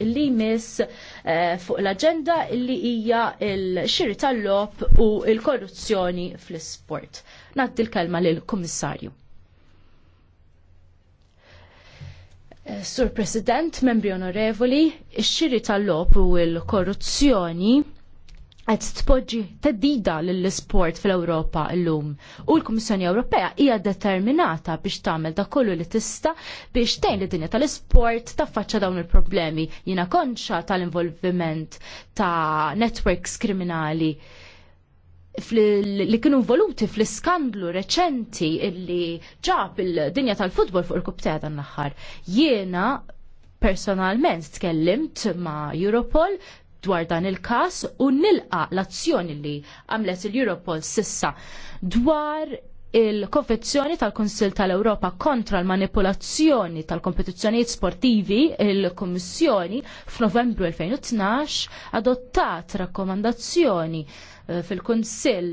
li mis eh, fuq l-agenda li hija l-xiri tal-lob u l-korruzzjoni fl-sport. Naddi l-kelma lill-Kummissarju. Eh, Sur President, membri onorevoli, ix-xiri tal-lob u l-korruzzjoni qed tpoġġi teddida lill-isport fl-Ewropa llum. U l-Kummissjoni Ewropea hija determinata biex tagħmel dak kollu li tista' biex tgħin lid-dinja tal-isport taffaċċa dawn il-problemi. Jiena konċa tal-involviment ta' networks kriminali li kienu involuti fl-iskandlu reċenti illi ġab il-dinja tal-futbol fuq il kuptea dan naħħar aħħar Jiena personalment tkellimt ma' Europol dwar dan il-kas u nilqa l-azzjoni li għamlet il-Europol sissa dwar il-konfezzjoni tal-Konsil tal-Europa kontra l-manipolazzjoni tal-kompetizzjonijiet sportivi il-Kommissjoni f'Novembru 2012 adottat rakkomandazzjoni eh, fil-Konsil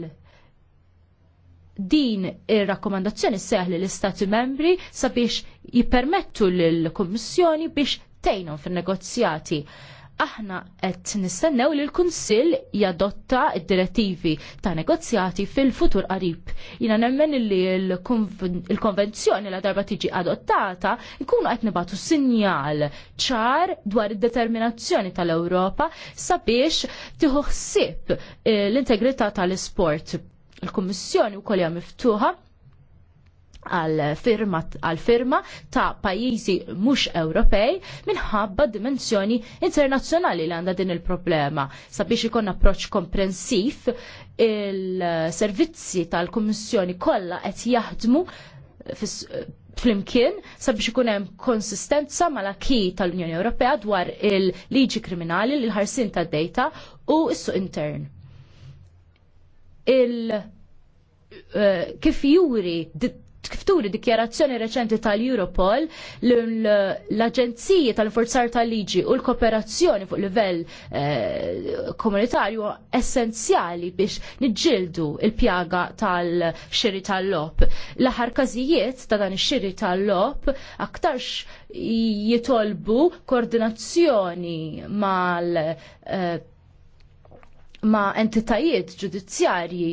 din ir-rakkomandazzjoni li l-Istati membri sabiex jippermettu l-Kommissjoni biex tejnum fin-negozjati aħna qed nistennew li l-Kunsill jadotta d-direttivi ta' negozjati fil-futur qarib. Jina nemmen li l-konvenzjoni la darba tiġi adottata nkunu qed nibatu sinjal ċar dwar id-determinazzjoni tal-Ewropa sabiex tieħu ħsieb eh, l-integrità tal-isport. Il-Kummissjoni wkoll hija miftuħa għal-firma ta' pajjiżi mhux Ewropej minħabba dimensjoni internazzjonali li għandha din il-problema. Sabiex ikun approċ komprensiv il-servizzi tal-Kummissjoni kollha qed jaħdmu flimkien sabiex ikun hemm konsistenza mal ki tal-Unjoni Ewropea dwar il-liġi kriminali l ħarsin tad data u s-suq intern. Il- eh, kif juri kif turi dikjarazzjoni reċenti tal-Europol l-Aġenziji tal-Forzar tal-Liġi u l-kooperazzjoni fuq livell eh, komunitarju essenzjali biex nġildu il-pjaga tal-xiri tal-lop. L-aħar każijiet ta' dan ix-xiri tal-lop aktarx jitolbu koordinazzjoni mal eh, ma entitajiet ġudizzjarji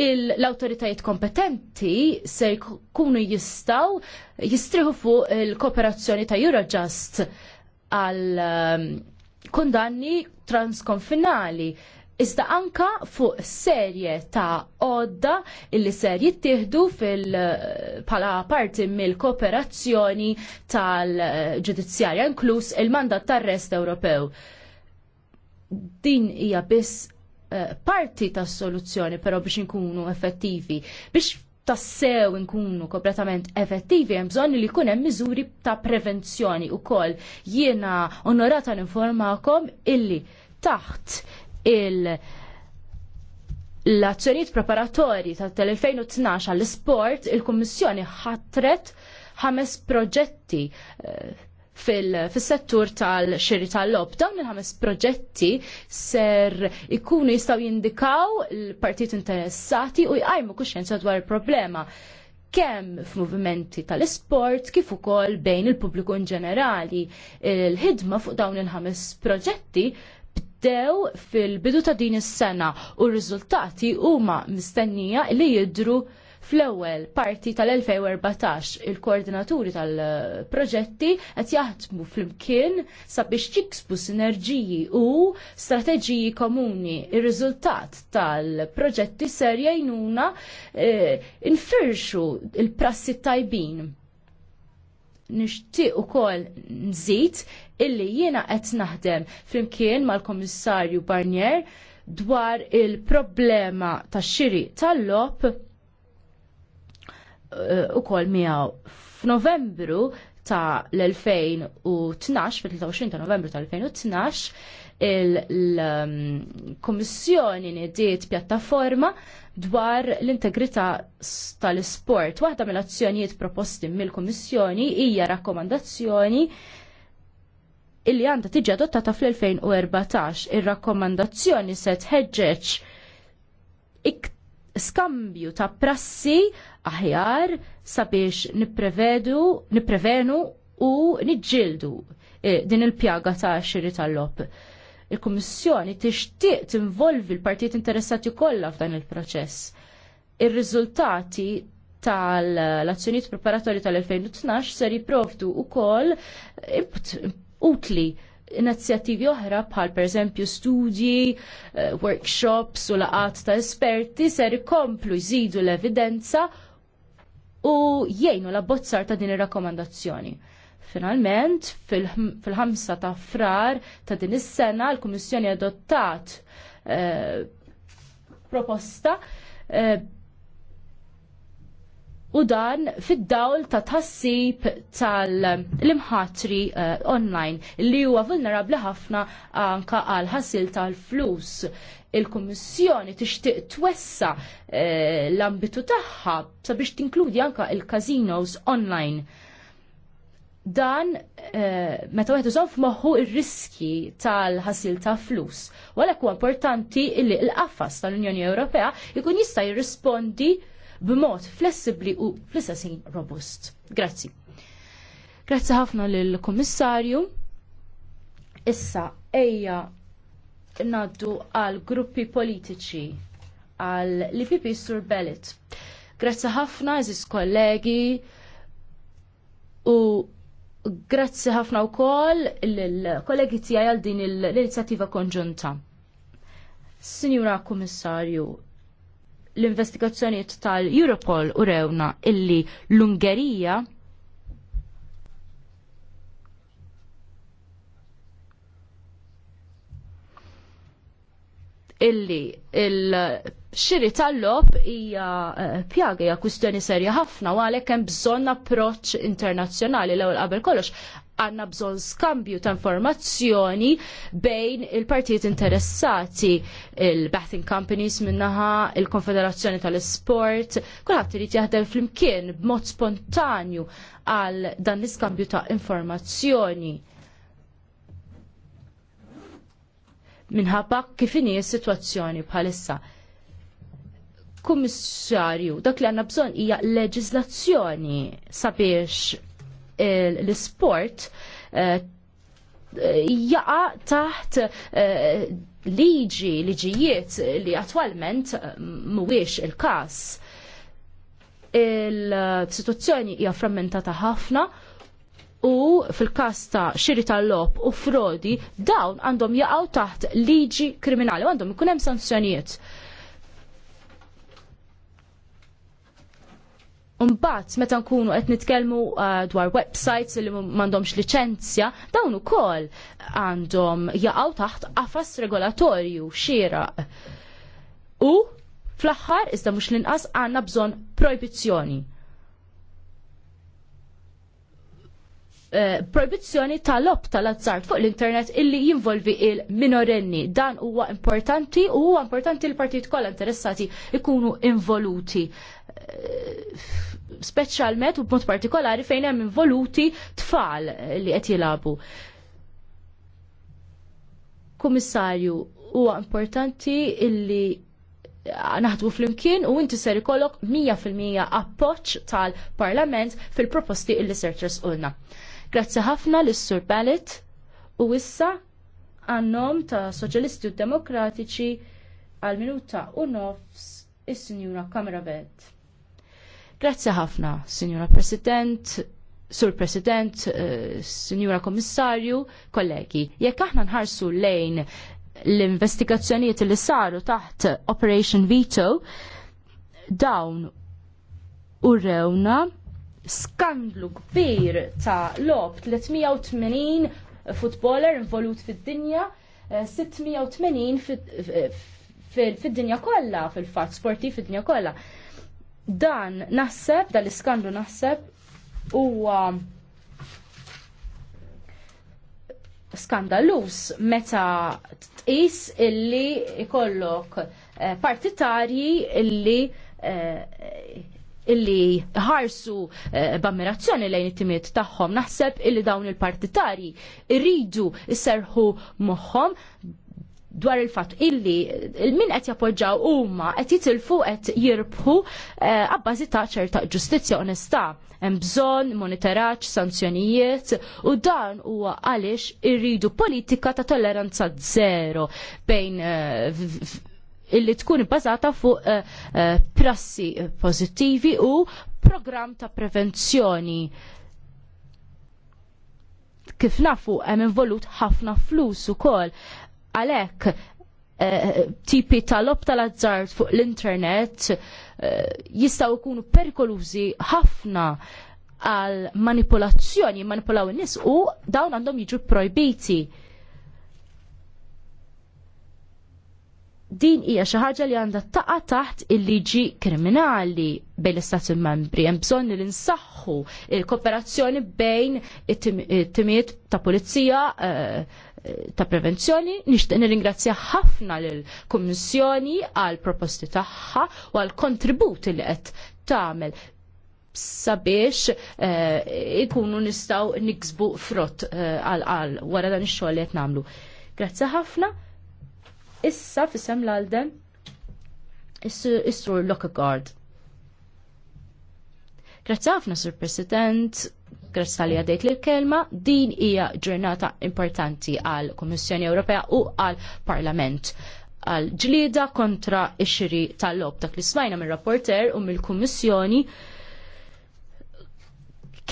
l-autoritajiet kompetenti se jkunu jistaw jistriħu fuq il-kooperazzjoni ta' Eurojust għal ehm, kundanni transkonfinali iżda anka fuq serje ta' odda illi ser jittieħdu fil pala parti mill-kooperazzjoni tal-ġudizzjarja inkluż il-mandat tar-rest Ewropew. Din hija biss Eh, parti tas soluzzjoni però biex nkunu effettivi. Biex tassew nkunu kompletament effettivi hemm bżonn li jkun hemm miżuri ta' prevenzjoni wkoll. Jiena onorata ninformakom illi taħt il- l-azzjonijiet preparatorji tal-2012 għall-sport, il-Kummissjoni ħatret ħames proġetti eh, fil-settur tal-xiri tal-lob. Dawn il-ħames proġetti ser ikunu jistaw jindikaw l-partit interessati u jqajmu kuxjenza dwar il-problema kemm movimenti tal-isport kif ukoll bejn il-pubbliku in ġenerali. Il-ħidma fuq dawn il-ħames proġetti bdew fil-bidu ta' din is-sena u r-riżultati huma mistennija li jidru Fl-ewwel parti tal-2014 il-koordinaturi tal-proġetti qed jaħdmu flimkien sabiex jiksbu sinerġiji u strateġiji komuni. Ir-riżultat tal-proġetti ser jgħinuna eh, infirxu il-prassi tajbin. Nixtieq ukoll nżid illi jiena qed naħdem flimkien mal-Komissarju Barnier dwar il-problema tax xiri tal lop Eh, ukoll miegħu. F'Novembru ta' l-2012, fil-23 ta' novembru ta' 2012, il mm, komissjoni nidiet pjattaforma dwar l-integrità tal-sport. Waħda mill-azzjonijiet proposti mill-Kommissjoni hija rakkomandazzjoni illi għandha tiġi adottata fl-2014. Ir-rakkomandazzjoni se tħeġġeġ skambju ta' prassi aħjar sabiex nipprevedu, nipprevenu u niġġieldu eh, din il-pjaga ta' xiri tal-lob. Il-Kummissjoni tixtieq tinvolvi l-partijiet interessati kollha f'dan il-proċess. Ir-riżultati tal-azzjonijiet preparatorji tal-2012 ser jipprovdu wkoll utli inizjattivi oħra bħal per eżempju studji, eh, workshops u laqat ta' esperti ser ikomplu jżidu l-evidenza u jgħinu la bozzar ta' din ir-rakkomandazzjoni. Finalment, fil-5 ta' frar ta' din is-sena l-Kummissjoni adottat eh, proposta eh, u dan fid-dawl ta' tassib tal-imħatri uh, online li huwa vulnerabli ħafna anka għal ħasil tal-flus. Il-Kummissjoni tixtieq twessa uh, l-ambitu tagħha sabiex tinkludi anka il-casinos online. Dan uh, meta wieħed iżomm f'moħħu ir-riski tal-ħasil ta' flus. Walek huwa importanti li l-qafas tal-Unjoni Ewropea jkun jista' jirrispondi b'mod flessibli u fl-istessin robust. Grazzi. Grazzi ħafna lill-Kummissarju. Issa ejja naddu għal gruppi politiċi għal l-IPP Sur Bellet. Grazzi ħafna, eżis kollegi, u grazzi ħafna u koll l-kollegi tijaj għal din l inizjativa konġunta. Signora Kommissarju, l-investigazzjoniet tal-Europol u rewna illi l-Ungerija illi il-xiri tal-lob hija eh, pjaga hija kwistjoni serja ħafna u għalhekk hemm bżonn approċċ internazzjonali l-ewwel qabel kollox għanna bżon skambju ta' informazzjoni bejn il-partijiet interessati, il-betting companies minnaħa, il-Konfederazzjoni tal-Sport, kulħadd irid jaħdem flimkien b'mod spontanju għal dan l-iskambju ta' informazzjoni. Minħabba kif inhi s-sitwazzjoni bħalissa. Kummissarju, dak li għanna bżon hija leġislazzjoni sabiex l-sport eh, jaqa taħt eh, liġi, liġijiet li attwalment eh, mhuwiex il-każ. Il-situazzjoni hija frammentata ħafna u fil-kas ta' xiri tal lop u frodi dawn għandhom jaqgħu taħt liġi kriminali u għandhom ikun hemm sanzjonijiet Mbagħad meta nkunu qed nitkellmu uh, dwar websites li m'għandhomx liċenzja, dawn ukoll għandhom jaqgħu taħt qafas regolatorju xieraq. U fl-aħħar iżda mhux l-inqas għandna bżonn proibizzjoni. Uh, proibizzjoni tal-lob tal azzar fuq l-internet illi jinvolvi il-minorenni. Dan huwa importanti u huwa importanti l partijiet kollha interessati ikunu involuti uh, speċjalment u b'mod partikolari fejn hemm involuti tfal li qed jilagħbu. Kummissarju, huwa importanti illi naħdmu fl-imkien u inti ser ikollok 100% appoġġ tal-Parlament fil-proposti illi ser ulna. Grazzi ħafna l sur Ballet u issa għannom ta' Soċjalisti u Demokratiċi għal minuta u nofs is-Sinjura Kamra Bed. Grazzi ħafna, Signora President, Sur President, uh, Signora Kommissarju, kollegi. Jekk aħna nħarsu lejn l-investigazzjonijiet li saru taħt Operation Veto, dawn rewna skandlu kbir ta' lob 380 futboler involut fid-dinja, 680 eh, fid-dinja kollha fil-fatt sportiv fid-dinja kollha. Dan naħseb, dal-iskandlu naħseb huwa skandalus meta tqis illi ikollok eh, partitarji illi eh, illi ħarsu eh, b'ammirazzjoni lejn it-timiet tagħhom naħseb illi dawn il-partitarji rridu isserħu moħħom dwar il-fatt illi il-min qed jappoġġaw huma qed jitilfu qed jirbħu eh, għabbażi ta' ċerta ġustizzja onesta. Hemm bżonn monitoraġġ, sanzjonijiet u dan huwa għaliex irridu politika ta' tolleranza zero bejn eh, illi tkun bbażata fuq eh, prassi pożittivi u programm ta' prevenzjoni kif nafu hemm involut ħafna flus ukoll Għalhekk eh, tipi tal-lob tal-azzard fuq l-internet eh, jistgħu jkunu perikolużi ħafna għal manipolazzjoni, manipolaw n-nis u dawn għandhom jiġu projbiti. din hija xi ħaġa li għandha taqa' taħt il-liġi kriminali bejn l-Istati membri. Hemm bżonn li nsaħħu il-kooperazzjoni bejn it-timijiet ta' pulizija, eh, ta' prevenzjoni. Nixtieq nirringrazzja ħafna lill-Kummissjoni għal proposti tagħha u għal kontributi li qed tagħmel sabiex eh, ikunu nistaw niksbu frott eh, għal wara dan ix-xogħol li qed nagħmlu. Grazzi ħafna. Issa fisem l-Alden is-Sur Lockegaard. Grazzi ħafna, Sur President. Grazie tal għadejt li l-kelma, din hija ġurnata importanti għal Komissjoni Ewropea u għal Parlament għal ġlieda kontra ix-xiri tal-lob dak li smajna mir-rapporter u mill-Kummissjoni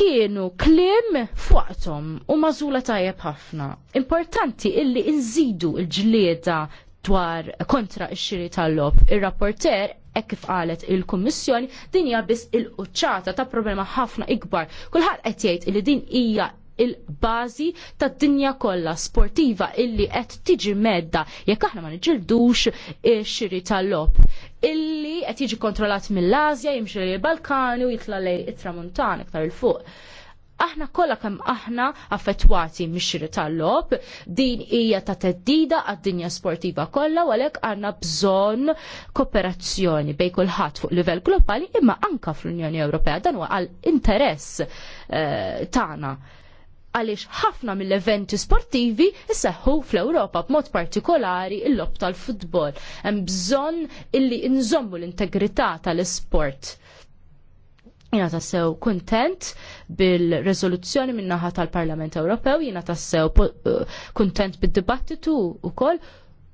kienu klim fuqtom u mażula tajjeb ħafna. Importanti illi nżidu l-ġlieda dwar kontra ix-xiri tal-lob. Ir-rapporter hekk kif qalet il-Kummissjoni din hija biss il-quċċata ta' problema ħafna ikbar. Kulħadd qed jgħid li din hija il-bażi tad-dinja kollha sportiva illi qed tiġi medda jekk aħna ma niġildux ix-xiri tal-lob illi qed jiġi kontrollat mill-Asja, jimxi l-Balkani u jitla lej it-Tramuntana iktar il-fuq. Aħna kollha kemm aħna affettwati mixri tal-lob, din hija ta' teddida għad-dinja sportiva kollha u għalhekk għandna bżonn kooperazzjoni bej kulħadd fuq livell globali imma anka fl-Unjoni Ewropea dan huwa għal interess eh, tagħna għaliex ħafna mill-eventi sportivi isseħħu fl-Ewropa b'mod partikolari il-lob tal-futbol. Hemm bżonn illi nżommu l-integrità tal-isport jina tassew kontent bil-rezoluzzjoni minnaħa tal-Parlament Ewropew, jina tassew eh, kontent bil-dibattitu u koll,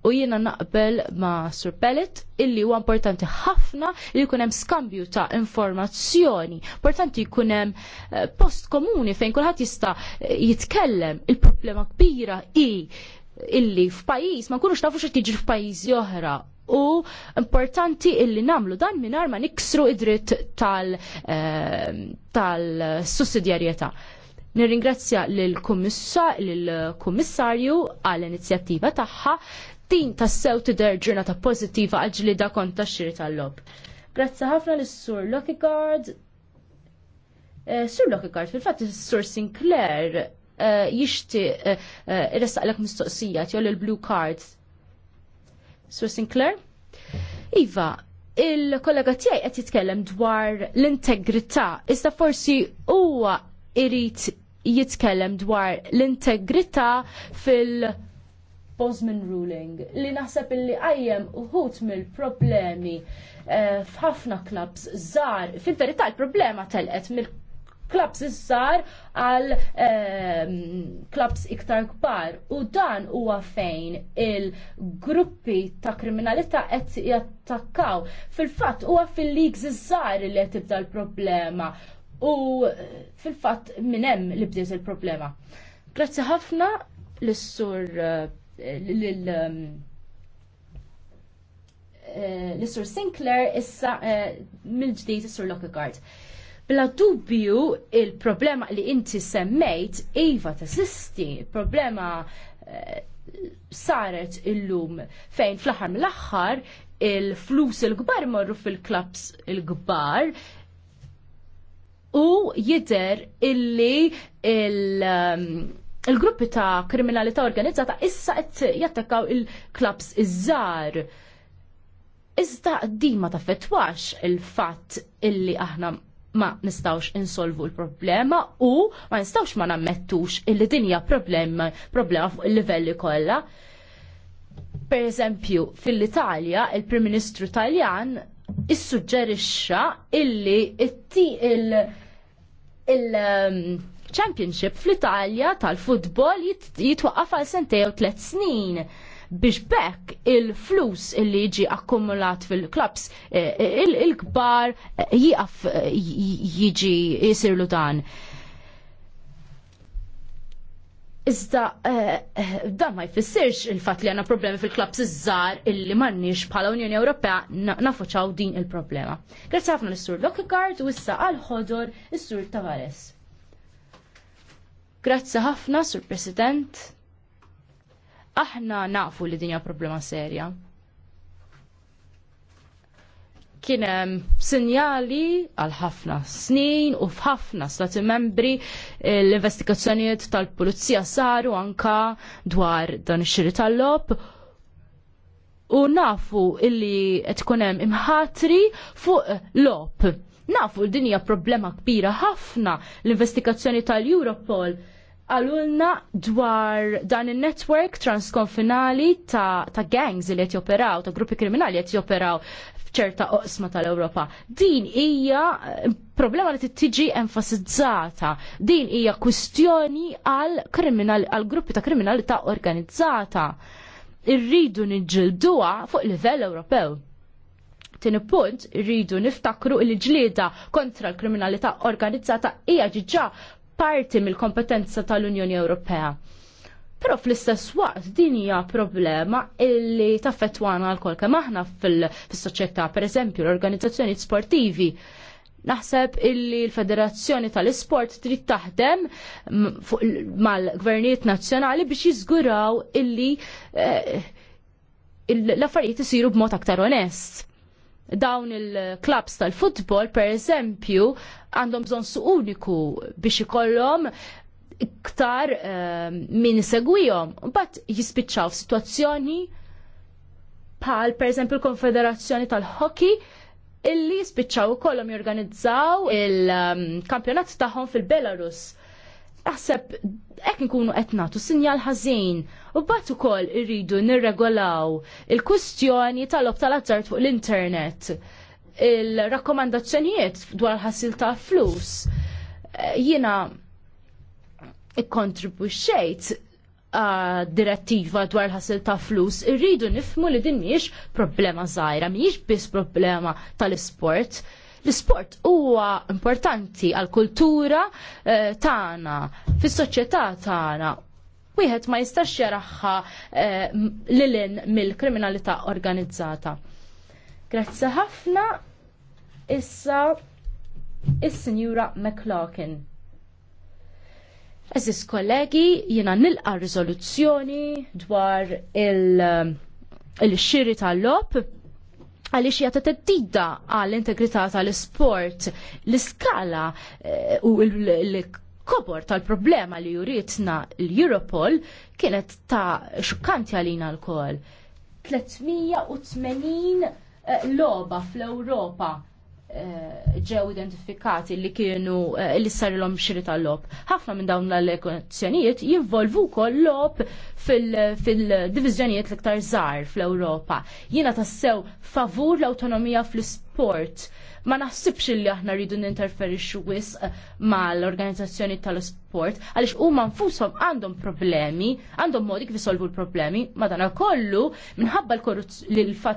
u jina naqbel ma' Sur Pellet illi huwa importanti ħafna li jkun hemm skambju ta' informazzjoni. Importanti jkun hemm eh, post komuni fejn kulħadd jista' jitkellem il-problema kbira i illi f'pajjiż ma nkunux nafu qed jiġri f'pajjiżi oħra u importanti illi namlu dan minar ma niksru id-dritt tal-sussidjarjetà. Tal ehm, Nirringrazzja l-Kummissarju għall-inizjattiva tagħha din sew tidher ġurnata pożittiva għal da konta xiri tal-lob. Grazzi ħafna l-Sur Lockigard. Eh, Sur Lockigard, fil-fatt is-Sur Sinclair eh, jixti eh, irressaqlek mistoqsija, tjoll il-Blue Cards Sir Sinclair. Iva, il-kollega tiegħi qed jitkellem dwar l-integrità, iżda forsi huwa jrid jitkellem dwar l-integrità fil- Bosman ruling li naħseb illi għajjem uħut mill-problemi eh, f'ħafna klabs żgħar. Fil-verità l problema telqet mill klabs iż għal klabs ehm, iktar kbar u dan huwa fejn il-gruppi ta' kriminalità qed jattakkaw. Fil-fatt huwa fil leaks iż li qed tibda l-problema u eh, fil-fatt minn hemm li bdiet il-problema. Grazzi ħafna l-sur eh, ehm, eh, l-sur Sinclair issa mill-ġdijt is-sur Lockhart. Bla dubju il-problema li inti semmejt iva tesisti, il-problema eh, saret illum fejn fl-aħħar mill-aħħar il-flus il-kbar marru fil-klabs il-kbar u jider illi um, il-gruppi il ta' kriminalità organizzata issa qed jattakaw il-klabs iż-żar. Iżda dima ta' fetwax il-fatt illi aħna ma nistawx insolvu l-problema u ma nistawx ma nammettux il dinja problema, problema fuq il-livelli kollha. Per eżempju, fil-Italja, il-Prim Ministru Taljan issuġġerixxa illi il- um, championship fl-Italja tal-futbol jitwaqqaf għal sentej u tlet snin biex bekk il-flus illi jiġi akkumulat fil-klabs eh, eh, il-kbar eh, jiqaf jiġi jisirlu dan. Iżda dan ma jfissirx il-fatt li għandna problemi fil-klabs iż-żar illi mannix bħala Unjoni Ewropea nafuċaw din il-problema. Grazzi ħafna l-Sur Lockhart u issa għal-ħodor is-Sur Tavares. Grazzi ħafna, Sur President. Aħna nafu li dinja problema serja. Kien hemm sinjali għal ħafna snin u f'ħafna stati membri l-investigazzjonijiet tal-pulizija saru anka dwar dan ix-xiri tal-lob u nafu illi qed ikun hemm imħatri fuq lob. Nafu l-dinja problema kbira ħafna l-investigazzjoni tal-Europol għalulna dwar dan il netwerk transkonfinali ta', ta gangs li qed ta' gruppi kriminali qed joperaw f'ċerta oqsma tal-Ewropa. Din hija eh, problema li tiġi enfasizzata. Din hija kwistjoni għal kriminal għal gruppi ta' kriminalità organizzata. Irridu niġilduha fuq livell Ewropew. Tini punt, rridu niftakru il-ġlieda kontra l-kriminalità organizzata hija ġiġa parti mill-kompetenza tal-Unjoni Ewropea. Però fl-istess waqt din hija problema illi taffettwana għal kol kemm aħna fil-soċjetà, pereżempju l-organizzazzjoni sportivi. Naħseb illi l-Federazzjoni tal-Isport trid taħdem mal-gvernijiet nazzjonali biex jiżguraw illi eh, l-affarijiet isiru b'mod aktar onest dawn il-klabs tal-futbol, per eżempju, għandhom bżon uniku biex ikollhom iktar uh, min segwijom, bat jispiċċaw situazzjoni pal per eżempju l-Konfederazzjoni tal-Hockey illi jispiċċaw kollom jorganizzaw il-kampjonat tagħhom fil-Belarus. Aħseb, hekk nkunu etnatu sinjal ħażin U bat ukoll irridu nirregolaw il-kustjoni tal-ob tal-azzart fuq l-internet, il-rakkomandazzjonijiet dwar ħassil ta' flus. Eh, Jiena kontribuċċejt direttiva dwar ħasil ta' flus, irridu nifmu li din miex problema zaħira, miex biss problema tal-sport. L-sport huwa importanti għal kultura eh, tagħna, fis-soċjetà tagħna wieħed ma jistax jaraħħa eh, lilin mill-kriminalità organizzata. Grazzi ħafna issa is-Sinjura McLaughlin. Eżis kollegi, jiena nilqa rizoluzzjoni dwar eh, il-xiri il tal-lob għalix jgħata t-tidda għall-integrità tal-sport, l-skala eh, u l kobor tal-problema li juritna l-Europol kienet ta' xukkanti għalina l-kol. 380 eh, loba fl-Europa eh, ġew identifikati li kienu eh, li sarilhom xiri tal-lob. Ħafna minn dawn l-elezzjonijiet jinvolvu wkoll lob fil-diviżjonijiet l-iktar żgħar fl-Ewropa. Jiena tassew favur l-awtonomija fl-Ispanja sport Ma naħsibx li aħna rridu ninterferixxu wisq eh, mal-organizzazzjoni tal-sport għaliex huma nfushom għandhom problemi, għandhom modi kif isolvu l-problemi, madana kollu minħabba l-fatt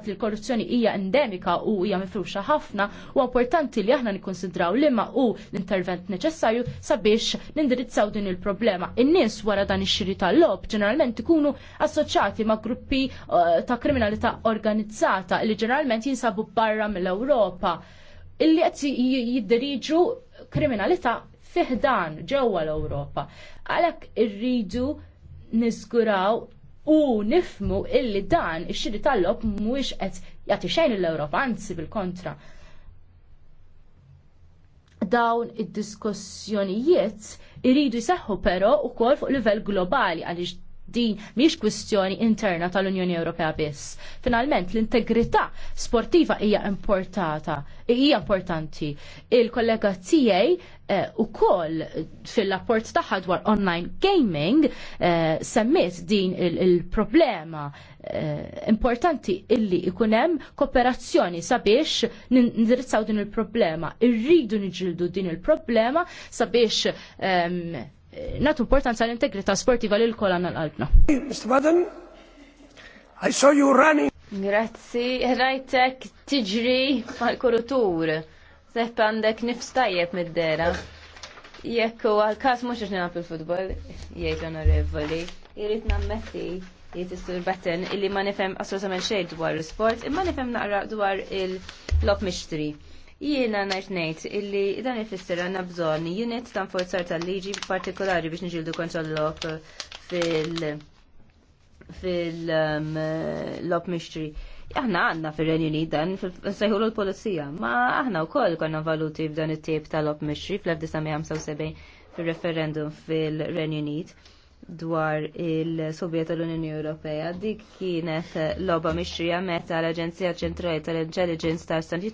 li l-korruzzjoni hija endemika u hija mifruxa ħafna u importanti li aħna nikkonsidraw ma u l-intervent neċessarju sabiex nindirizzaw din il-problema. In-nies wara dan ix-xiri tal-lob ġeneralment ikunu assoċjati ma' gruppi eh, ta' kriminalità organizzata li ġeneralment jinsabu barra mill-Ewropa l ewropa illi qed jiddiriġu kriminalità fiħdan ġewwa l-Ewropa. Għalhekk irridu niżguraw u nifmu illi dan ix-xiri tal-lob mhuwiex qed jagħti xejn l-Ewropa, anzi bil-kontra. Dawn id-diskussjonijiet iridu jseħħu però wkoll fuq livell globali għaliex din miex kwistjoni interna tal-Unjoni Ewropea biss. Finalment, l-integrità sportiva hija importata, hija importanti. Il-kollega tiegħi eh, u koll fil-rapport taħħa dwar online gaming eh, semmiet din il-problema eh, importanti illi ikunem kooperazzjoni sabiex nindirizzaw din il-problema. Irridu niġildu din il-problema sabiex ehm, Eh, natu importanza l-integrità sportiva li kol għanna l-qalbna. Mr. Madden, I saw you running. Grazzi, rajtek tiġri mal-kurutur. Sepp għandek nifstajjeb mid-dera. Jekk u għal-kas mux xnina fil-futbol, jgħid onorevoli, jrid nammetti jgħid istur batten illi ma nifhem assolutament xejn dwar l-sport, imma nifhem naqra dwar il lok mixtri. Jiena ngħid ngħid illi dan ifisser għandna bżonn unit ta' forzar tal-liġi partikolari biex niġildu kontrollok fil fil um, mixtri. Aħna għandna fir-Renju Unit dan nsejħulu l-Polizija, ma aħna wkoll konna valuti f'dan it-tip tal-lob mixtri fl-1975 fir-referendum fil-Renju Unit dwar il-Sovjet u l-Unjoni Ewropea. Dik kienet loba mixrija meta l-Aġenzija Ċentrali tal-Intelligence ta' stati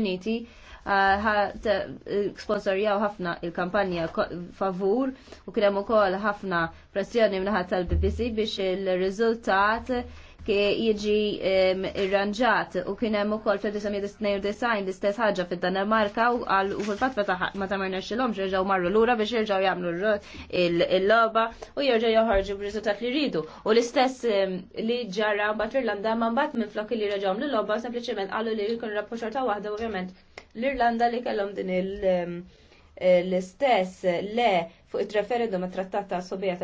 Uniti ah, sponsorjaw ħafna il-kampanja favur u kien hemm ukoll ħafna pressjoni minnaħat tal-BBC biex il-riżultat jiġi irranġat u kien hemm ukoll fil-1992 l-istess ħaġa fid-Danimarka u għal u fil-fatt ma tamarna xilhomx jerġgħu marru lura biex jerġgħu jagħmlu l-logħba u jerġgħu joħorġu b'riżultat li jridu. U l-istess li ġara mbagħad Irlanda ma mbagħad minflok li reġgħu l-logħba sempliċement qalu li jkun ta' waħda ovvjament l-Irlanda li kellhom din il- eh, l-istess le fuq it-referendum trattat ta' sobija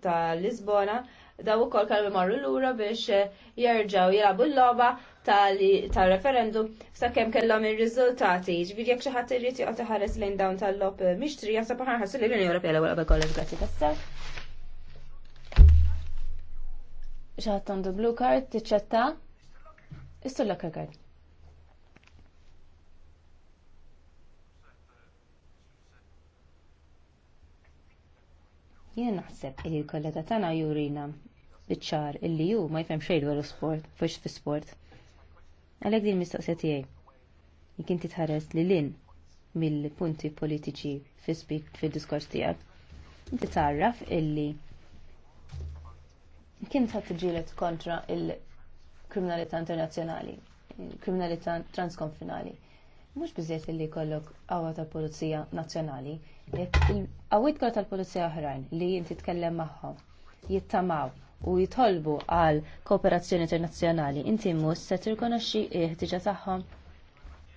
tal-Lisbona daw ukoll kalbi marru lura biex eh, jerġgħu jilagħbu l-logħba tal-referendum sakemm kellhom ir-riżultati. Ġifieri jekk xi ħadd irid u iħares lejn dawn tal lop eh, mixtri jaħseb paħan ħassu li l-Unjoni Ewropea l-ewwel qabel kollox grazzi tassew. Xaħat tondu blu blue card tiċċetta? Istu l Jien naħseb li l-kollega tagħna jurina biċ-ċar illi hu ma jfhem xejn dwar sport, fiex fi sport. Għalhekk din mistoqsija tiegħi. Jekk inti tħares li lin mill-punti politiċi fi speak fid-diskors tiegħek, inti tarraf illi kien tħadd tiġilet kontra il-kriminalità internazzjonali, kriminalità transkonfinali mhux biżżejjed li jkollok qawwa tal-Pulizija Nazzjonali, għawit kollha tal-Pulizija oħrajn li inti tkellem magħhom, jittamaw u jitolbu għal kooperazzjoni internazzjonali, inti mhux se tirkonoxxi ħtiġa tagħhom.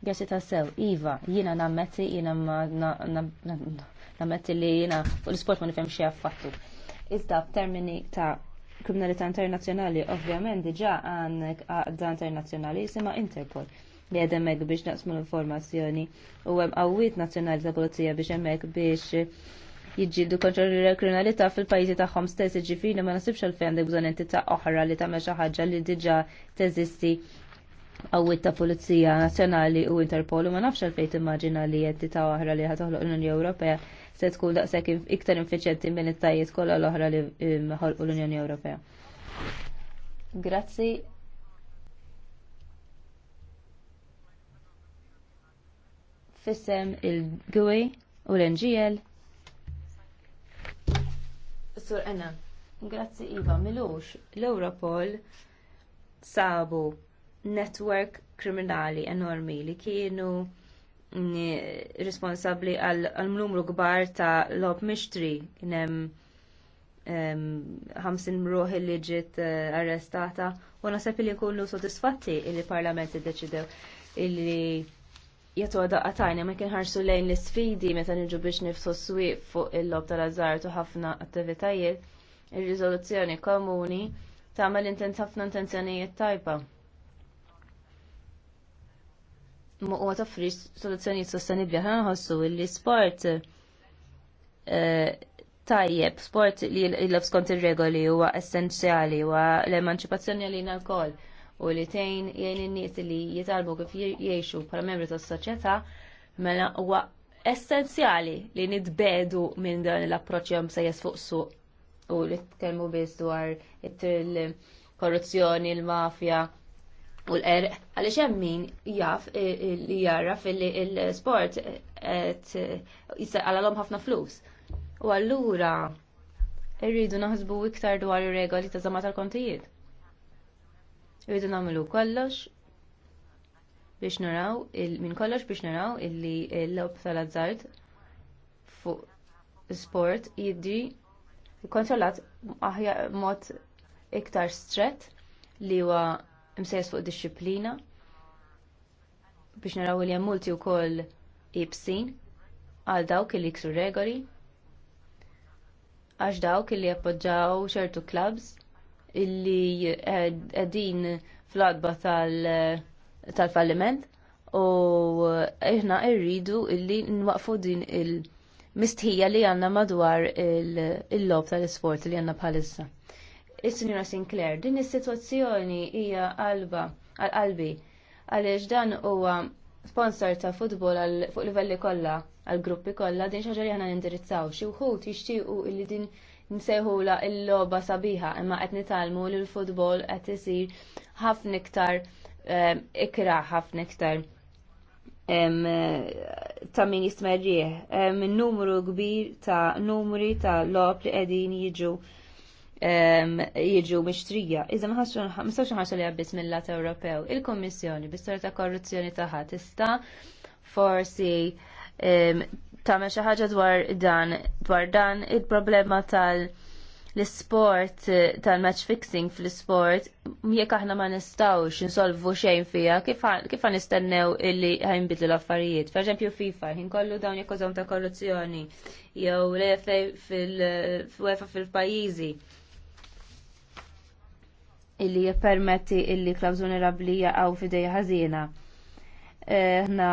Għaxi ta' sew, Iva, jiena nammetti, jiena nammetti li jiena u l-sport ma nifem xie għaffattu. Iżda f'termini ta' kriminalità internazzjonali, ovvjament diġà għandek għaqda internazzjonali jisima Interpol li għedem hekk biex naqsmu l-informazzjoni u hemm qawwiet nazzjonali ta' pulizija biex hemmhekk biex jiġġieldu kontra l-kriminalità fil-pajjiżi tagħhom stess iġifina ma nasibx għalfejn għandek bżonn entita' oħra li tagħmel xi ħaġa li diġà teżisti għawit ta' Pulizija Nazzjonali u Interpol u ma nafx għal fejn timmaġina li jeddi ta' oħra li ħatoħloq l-Unjoni Ewropea se tkun daqshekk iktar infiċenti minn it-tajjiet kollha l-oħra li um, ħolqu l-Unjoni Ewropea. Grazzi fissem il gwi u e l-NGL. Sur Enna, grazzi Iva, milux l-Europol sabu network kriminali enormi li kienu mm, responsabli għal numru kbar ta' lob mixtri kienem 50 mruħ li ġiet eh, arrestata u nasab li nkunu sodisfatti il-parlament id-deċidew illi jatu għadaqatajna ma kien ħarsu lejn l-sfidi meta nġu biex nifsu s fuq il-lob tal-azzar u ħafna attivitajiet, il-rizoluzzjoni komuni tagħmel intent ħafna intenzjonijiet tajba. Muqwa toffri soluzzjonijiet sostenibli ħanħossu ħossu il-sport eh, tajjeb, sport li l-labskont il-regoli huwa essenzjali, huwa l-emanċipazzjoni għalina l kol u li tejn jgħin in-nies li jitalbu kif jgħixu bħala membri tas-soċjetà mela huwa essenzjali li nitbedu minn dan l-approċċ jom se jesfuqsu u li tkellmu biss dwar il-korruzzjoni, il-mafja u l er għaliex hemm min jaf li jarraf li l-sport qed ħafna flus. U allura irridu naħsbu iktar dwar ir-regoli ta' żama tal-kontijiet. Irridu nagħmlu kollox biex naraw minn kollox biex naraw illi l-lob tal-azzard fuq sport jiddi kontrollat mod iktar stret li huwa msejs fuq disċiplina biex naraw li hemm multi wkoll ibsin għal dawk li iksu regoli għax dawk li appoġġaw ċertu clubs illi għedin eh, fl-adba tal-falliment u irna irridu illi nwaqfu din il-mistħija li għanna madwar il-lob tal-sport li għanna bħalissa. Is-Sinjora Sinclair, din is-sitwazzjoni hija qalba għal-qalbi għaliex dan huwa sponsor ta' futbol fuq livelli kollha għall gruppi kollha din xi ħaġa li aħna nindirizzaw xi wħud jixtiequ illi din nsejħula il-loba sabiħa imma qed nitalmu li l-futbol qed isir ħafna iktar ehm, ikra ħafna iktar ehm, ta' min jistmerrieħ ehm, minn numru kbir ta' numri ta' lob li qegħdin jiġu jiġu mixtrija. Iżda mistawx nħarsu li għabbis mill-lat Ewropew. Il-Kommissjoni, bis sorta ta' korruzzjoni tagħha tista' forsi tagħmel xi ħaġa dwar dan dwar dan il-problema tal- l-sport tal-match fixing fl-sport jekk aħna ma nistgħux insolvu xejn fiha, kif ħa nistennew illi ħajnbidlu l-affarijiet. Per FIFA, ħin kollu dawn jekk ta' korruzzjoni jew l-EFA fil-UEFA fil-pajjiżi illi jippermetti illi klawżuni rablija għaw fidejja ħażina. Eh, Ħna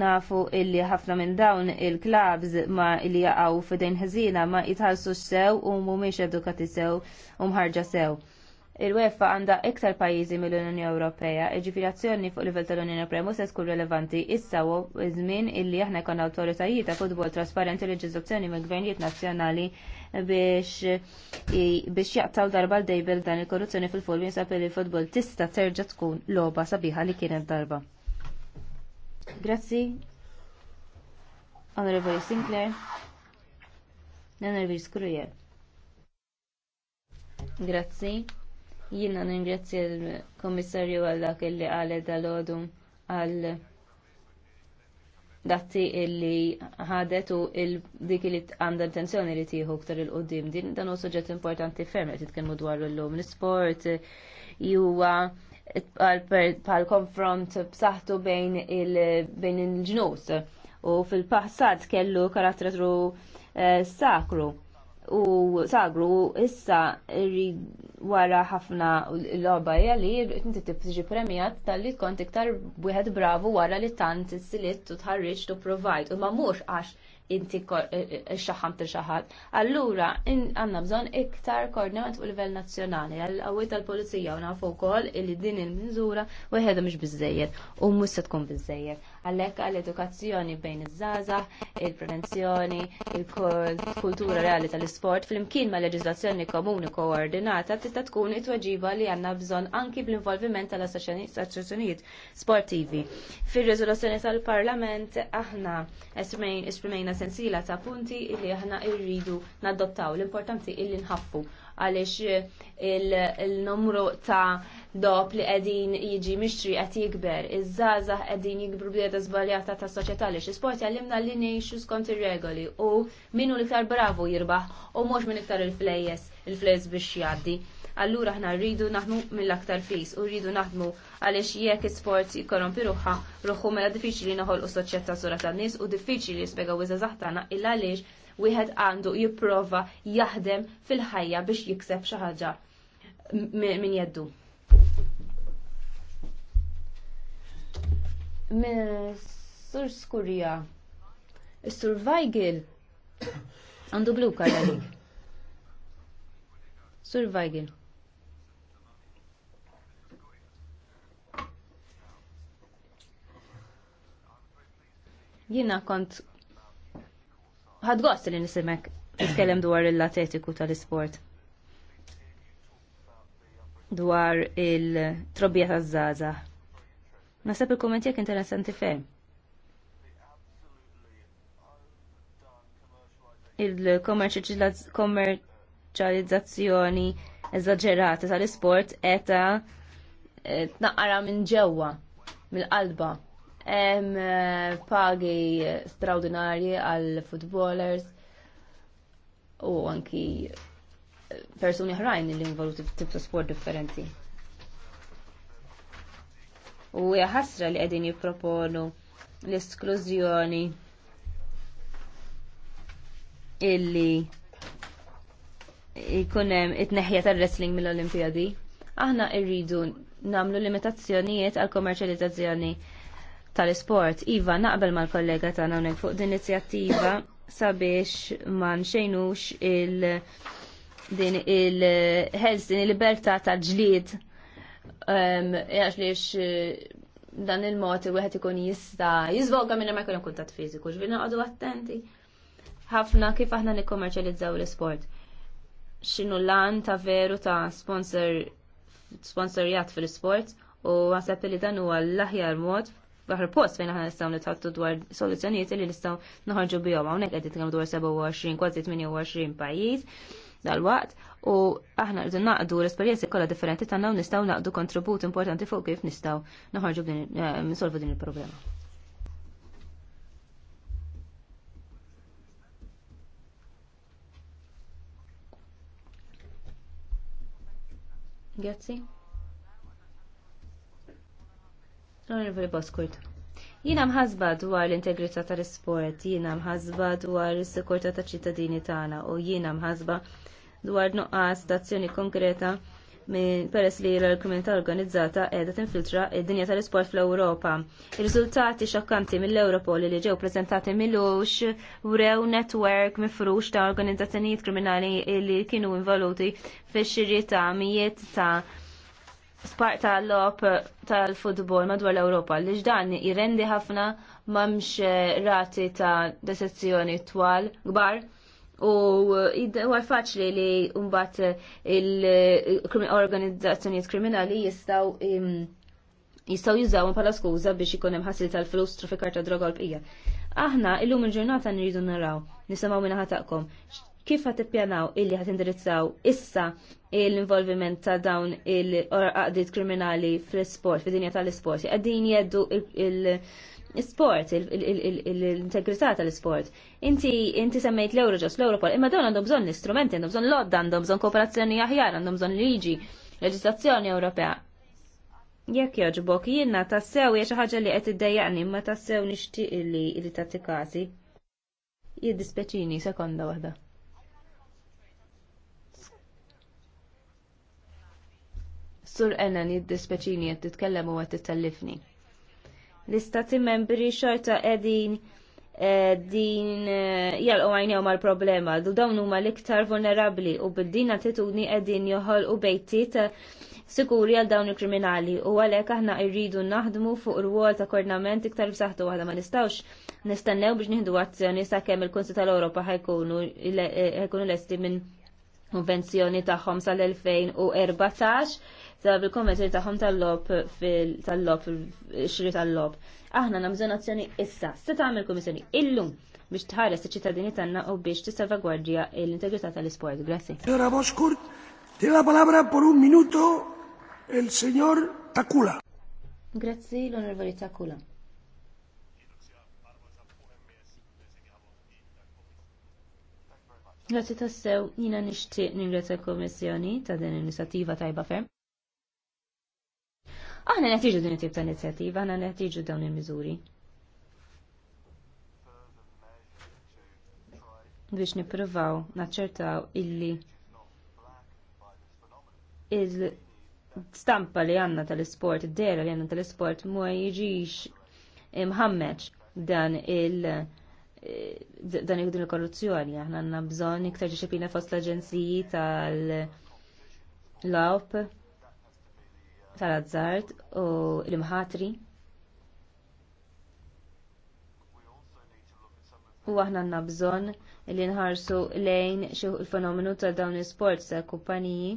nafu illi ħafna minn dawn il-klabs ma illi jaqgħu f'din ħazina ma jitħalsu sew u mhumiex edukati sew u mħarġa sew. Il-UEFA għandha iktar pajjiżi mill-Unjoni Ewropea, iġifieri azzjoni fuq livell tal-Unjoni Ewropea mhux se tkun relevanti issa u żmien illi aħna jkollna awtoritajiet ta' futbol trasparenti leġiżlazzjoni mill-gvernijiet nazzjonali biex biex jaqtaw darba l-dejbel dan il-korruzzjoni fil-futbol jinsab li l-futbol tista' terġa' tkun logħba sabiħa li kienet darba. Grazzi. Onorevoli Sinclair. Onorevoli Skurrier. Grazzi. Jina ningrazzja l-Komissarju għallak illi għale dal-ħodu għal datti illi ħadet u dik li għandha intenzjoni li tieħu ktar il-qoddim. Din dan u soġġet importanti ferm qed titkellmu dwar l-lum l-sport juwa pal konfront b'saħħtu bejn il-ġnus u fil-passat kellu karattru eh, sakru u sagru issa wara ħafna l loba jali, inti tiġi premjat tal-li tkun iktar wieħed bravu wara li tant is-silitt u tħarriġ u provajt u ma mhux għax inti e- e- e- xaħam til xaħat. Allura, għanna bżon iktar koordinat fuq livell nazzjonali. għal għawit tal-polizija u nafu kol li din il-minżura u għedha mux bizzejiet u mux se tkun bizzejiet għalhekk għall-edukazzjoni bejn iż żaza il-prevenzjoni, il-kultura reali tal-isport flimkien ma' leġislazzjoni komuni koordinata tista' tkun it-tweġiba li għandna bżonn anki bl-involviment tal-assoċjazzjonijiet sportivi. Fir-riżoluzzjoni tal-Parlament aħna esprimejna sensila ta' punti li aħna rridu nadottaw l-importanti illi nħaffu għaliex eh, il-numru ta' dop li qegħdin jiġi mixtri qed jikber, iż-żgħażagħ qegħdin jikbru blieda żbaljata ta' soċjetà għaliex isport jallimna li ngħixu skont ir-regoli u min hu l-iktar bravu jirbaħ u mhux min iktar il-flejjes il-flejjes biex jgħaddi. Allura ħna rridu naħdmu mill-aktar fis u rridu naħdmu għaliex jekk sport jikorrompi ruħha, ruħu mela diffiċli naħolqu soċjetà sura tan-nies u diffiċli jispjegaw iżgħażagħ tagħna illa għalix wieħed għandu jipprova jaħdem fil-ħajja biex jikseb xi ħaġa min jeddu. Sur Skurja, Sur Weigel, għandu blu għalik. Sur Weigel. Jina kont Ħad gost li nisimek tkellem dwar il-atletiku tal-isport. Dwar il-trobbija taż-żaza. Nasab il-kommenti jek interessanti fejn. Il-kommerċializzazzjoni eżagġerata tal-isport eta eh, tnaqqara minn ġewwa mill-qalba hemm eh, pagi straordinarji għal footballers u anki eh, persuni ħrajn li involuti f'tip ta' sport differenti. U hija ħasra li qegħdin jipproponu l-esklużjoni illi jkun hemm it-neħja tar-wrestling mill-Olimpjadi. Aħna rridu nagħmlu limitazzjonijiet għall kommerċjalizzazzjoni tal-isport. Iva, naqbel mal-kollega tagħna nawnek fuq din inizjattiva sabiex ma nxejnux il- din il-ħels, din il-libertà ta' ġlid għax liex eh, dan il-mod wieħed ikun jista' jiżvoga minn ma jkun hemm kuntatt fiżiku, ġbir għadu attenti. Ħafna kif aħna nikkommerċjalizzaw l-isport. X'inhu lan ta' veru ta' sponsor sponsorjat fil-sport u għasab li dan huwa l-aħjar mod baħar post fejn aħna nistgħu nitħattu dwar soluzzjonijiet li nistgħu naħarġu bihom hawnhekk qed nitkellmu dwar 27 kważi 28 pajjiż dal-waqt u aħna rridu naqdu l-esperjenzi kollha differenti tagħna u nistgħu naqdu kontribut importanti fuq kif nistgħu noħorġu eh, nsolvu din il-problema. Grazie. Onorevoli Boskurt. Jina mħazba dwar l-integrità tal-isport, jina mħazba dwar is sikurta taċ ċittadini tagħna u jina mħazba dwar nuqqas azzjoni konkreta minn peress li l-kriminalità organizzata qiegħda tinfiltra id-dinja tal-isport fl-Ewropa. Ir-riżultati xokkanti mill-Europol li ġew preżentati mill-ux wrew netwerk mifrux ta' organizzazzjonijiet kriminali li kienu involuti fix-xirjiet ta' mijiet ta' spart tal-lop tal-futbol madwar l-Europa li ġdan jirendi ħafna mamx eh, rati ta' desezzjoni twal gbar u għar faċli li umbat il-organizzazzjoniet kriminali jistaw jistaw jużaw pala skuza biex ikun hemm ħassil tal-flus trafikar ta' droga l-bqija. Aħna illum il-ġurnata nridu naraw, nisimgħu minn ħataqkom. Kif ħat ippjanaw illi ħat indirizzaw issa l-involviment ta' dawn il-qadit kriminali fl-sport, fid-dinja tal-sport. Għaddin jeddu il-sport, l-integrità tal-sport. Inti inti semmejt l euroġos l-Europol, imma dawn għandhom bżonn l-istrumenti, għandhom bżonn lodda, għandhom bżonn kooperazzjoni aħjar, għandhom bżonn liġi, leġislazzjoni Ewropea. Jekk joġbok, jiena tassew hija xi ħaġa li qed iddejjaqni, ma tassew nixtieq li li tagħti Jiddispeċini sekonda waħda. Sur Enan jiddispeċini qed titkellem u qed titkellifni. L-istati membri xorta qegħdin eh, din eh, u għajnew mal-problema, du dawn huma l-iktar vulnerabli u bid-din attitudni qegħdin joħolqu bejtit eh, sikuri għal dawn il-kriminali u għalhekk aħna irridu naħdmu fuq ir ta' kornament iktar b'saħħtu waħda ma nistgħux nistennew biex nieħdu azzjoni sakemm il kunsi tal-Ewropa ħajkunu l lesti minn konvenzjoni tagħhom sal-2014 ta' bil-kommenti tagħhom tal-lob tal-lob xiri tal-lob. Aħna nagħmżon azzjoni issa. Se tagħmel komissjoni illum biex tħares iċ-ċittadini tanna u biex t-salvaguardja l-integrità tal-isport. Grazie. Sora Boskurt, ti la palabra por un minuto il signor Takula. Grazzi l-onorevoli Takula. Grazie tassew, jina nishtiq ningrazja l-Komissjoni ta' din l-inizjattiva tajba ferm. Aħna netiġu din it-tip ta' inizjattiva, aħna netiġu dawn il-miżuri. biex nippruvaw naċċertaw illi il-stampa li għanna tal-isport, id-dera li għanna tal-isport ma jiġix imħammeċ dan il- dan il korruzzjoni aħna għanna bżon iktar ġiċipina fost l-aġenziji tal-LAWP tal-azzard u l-imħatri. U aħna għanna bżon li nħarsu lejn l fenomenu ta' dawn l-sports ta' kumpaniji.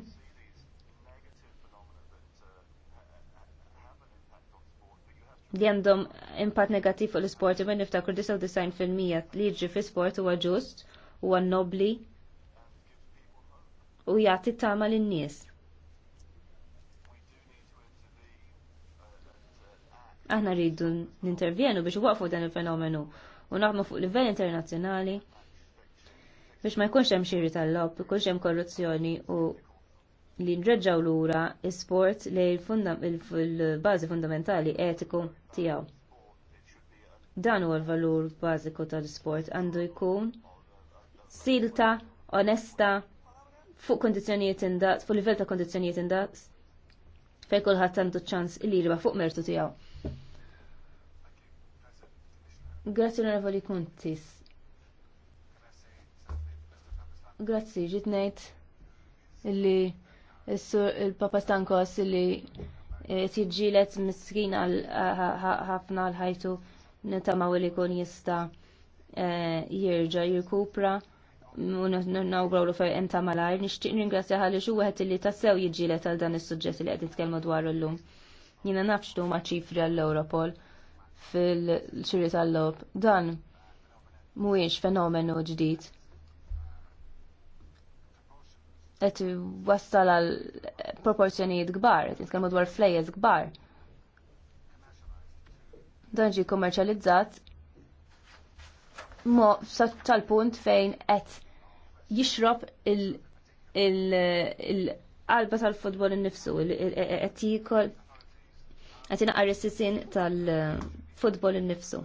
li għandhom impatt negattiv fuq l-sport imma niftakru 99% li jiġri fl-sport huwa ġust huwa nobli u jagħti tama lin-nies. Aħna rridu nintervjenu biex waqfu dan il-fenomenu u naħmu fuq livell internazzjonali biex ma jkunx hemm xiri tal-lob, jkunx hemm korruzzjoni u li nreġgħu lura l sport li l-bażi fundamentali etiku tiegħu. Dan huwa l-valur bażiku tal-sport għandu jkun silta, onesta, fuq kondizjonijiet indaqs, fuq livell ta' kondizjonijiet indaqs, fej kulħadd għandu ċans li jirba fuq mertu tiegħu. Grazzi l-onorevoli Kuntis. Grazzi, ġit ngħid li il-Papa Stankos li eh, tiġġielet miskin ħafna l-ħajtu nitamaw li kun jista eh, jirġa jirkupra u nawgrawlu fej enta malajr, nixtieq ringrazzja ħalli xi wieħed li tassew jiġġielet għal dan is-suġġett li qed nitkellmu dwar illum. Jiena nafx huma ċifri għall-Europol fil-xiri tal-lob. Dan mhuwiex fenomenu ġdid. Qed wassal għal proporzjonijiet kbar, et nitkellmu dwar flejes kbar. Dan ġie kommerċjalizzat mo tal-punt fejn qed jixrob il- qalba tal-futbol innifsu, qed jikol qed inaqar is-sisin tal- futbol innifsu.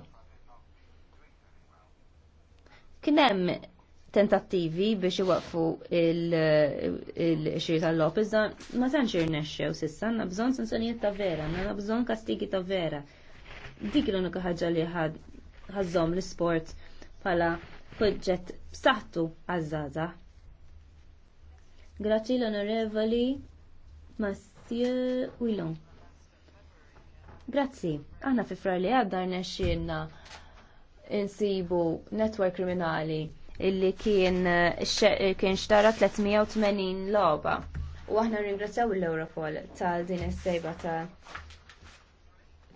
Kien hemm tentattivi biex iwaqfu il-xir tal lopez iżda ma tantx u sissa, għandna bżonn sanzjonijiet ta' vera, na bżon kastigi ta' vera. Dik l-unika ħaġa li ħażhom l-isport bħala proġett b'saħħtu għaż Grazie l-onorevoli Massieu Willon. Grazzi, aħna fi frar li għadda rnexxinna insibu netwerk kriminali illi kien kien xtara 380 loba. U aħna ringrazzaw l-Europol tal din is-sejba ta'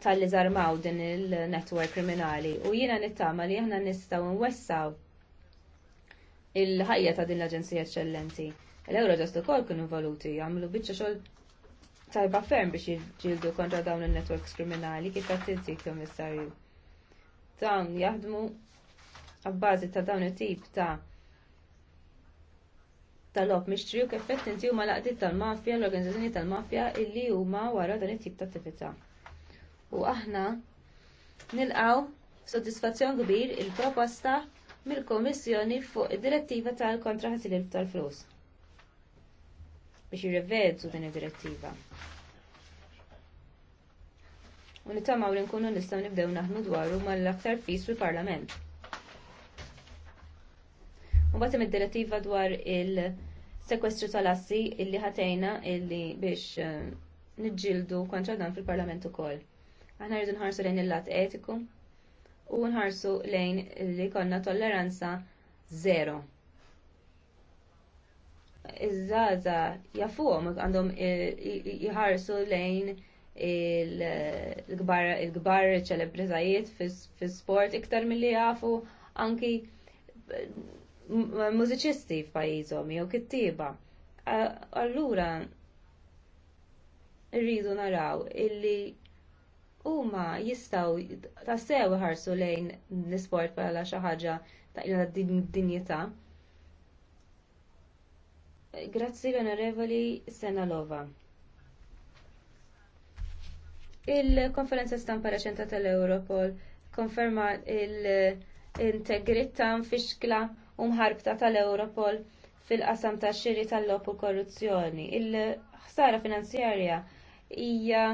tal-li zarmaw din il-network kriminali u jiena nittama li aħna nistgħu nwessaw il-ħajja ta' din l-Aġenzija Eċċellenti. L-Eurojust ukoll kienu valuti għamlu biċċa xogħol tajba ferm biex jġildu kontra dawn il-networks kriminali kif qed tinti kummissarju. Dawn jaħdmu għabbażi ta' dawn it-tip ta' tal-ob mixtriju kif qed tinti huma laqdiet tal-mafja, l-organizzazzjoni tal-mafja illi huma wara dan it-tip ta' attività. U aħna nilqaw soddisfazzjon kbir il-proposta mill-Komissjoni fuq id-direttiva tal-kontraħasil tal-flus biex jirrevedżu din id-direttiva. U li nkunu nistgħu nibdew naħnu dwaru mal-aktar fis fil-Parlament. U batem id-direttiva dwar il-sekwestru tal-assi illi ħatejna illi biex eh, nġildu kontra dan fil-Parlament ukoll. Aħna rridu nħarsu lejn il-lat etiku u nħarsu lejn li konna tolleranza zero iż-żaza jafuhom għandhom jħarsu lejn il-gbar ċelebritajiet fis-sport iktar milli jafu anki eh, mużiċisti f'pajjiżhom jew kittiba. Allura rridu naraw illi huma jistgħu tassew ħarsu lejn l-isport bħala xi ħaġa ta' dinjità. Grazzi l-Onorevoli Senalova. Il-konferenza stampa reċenta tal-Europol konferma l-integrità mfixkla u mħarbta tal-Europol fil-qasam ta' xiri tal-lopu korruzzjoni. Il-ħsara finanzjarja hija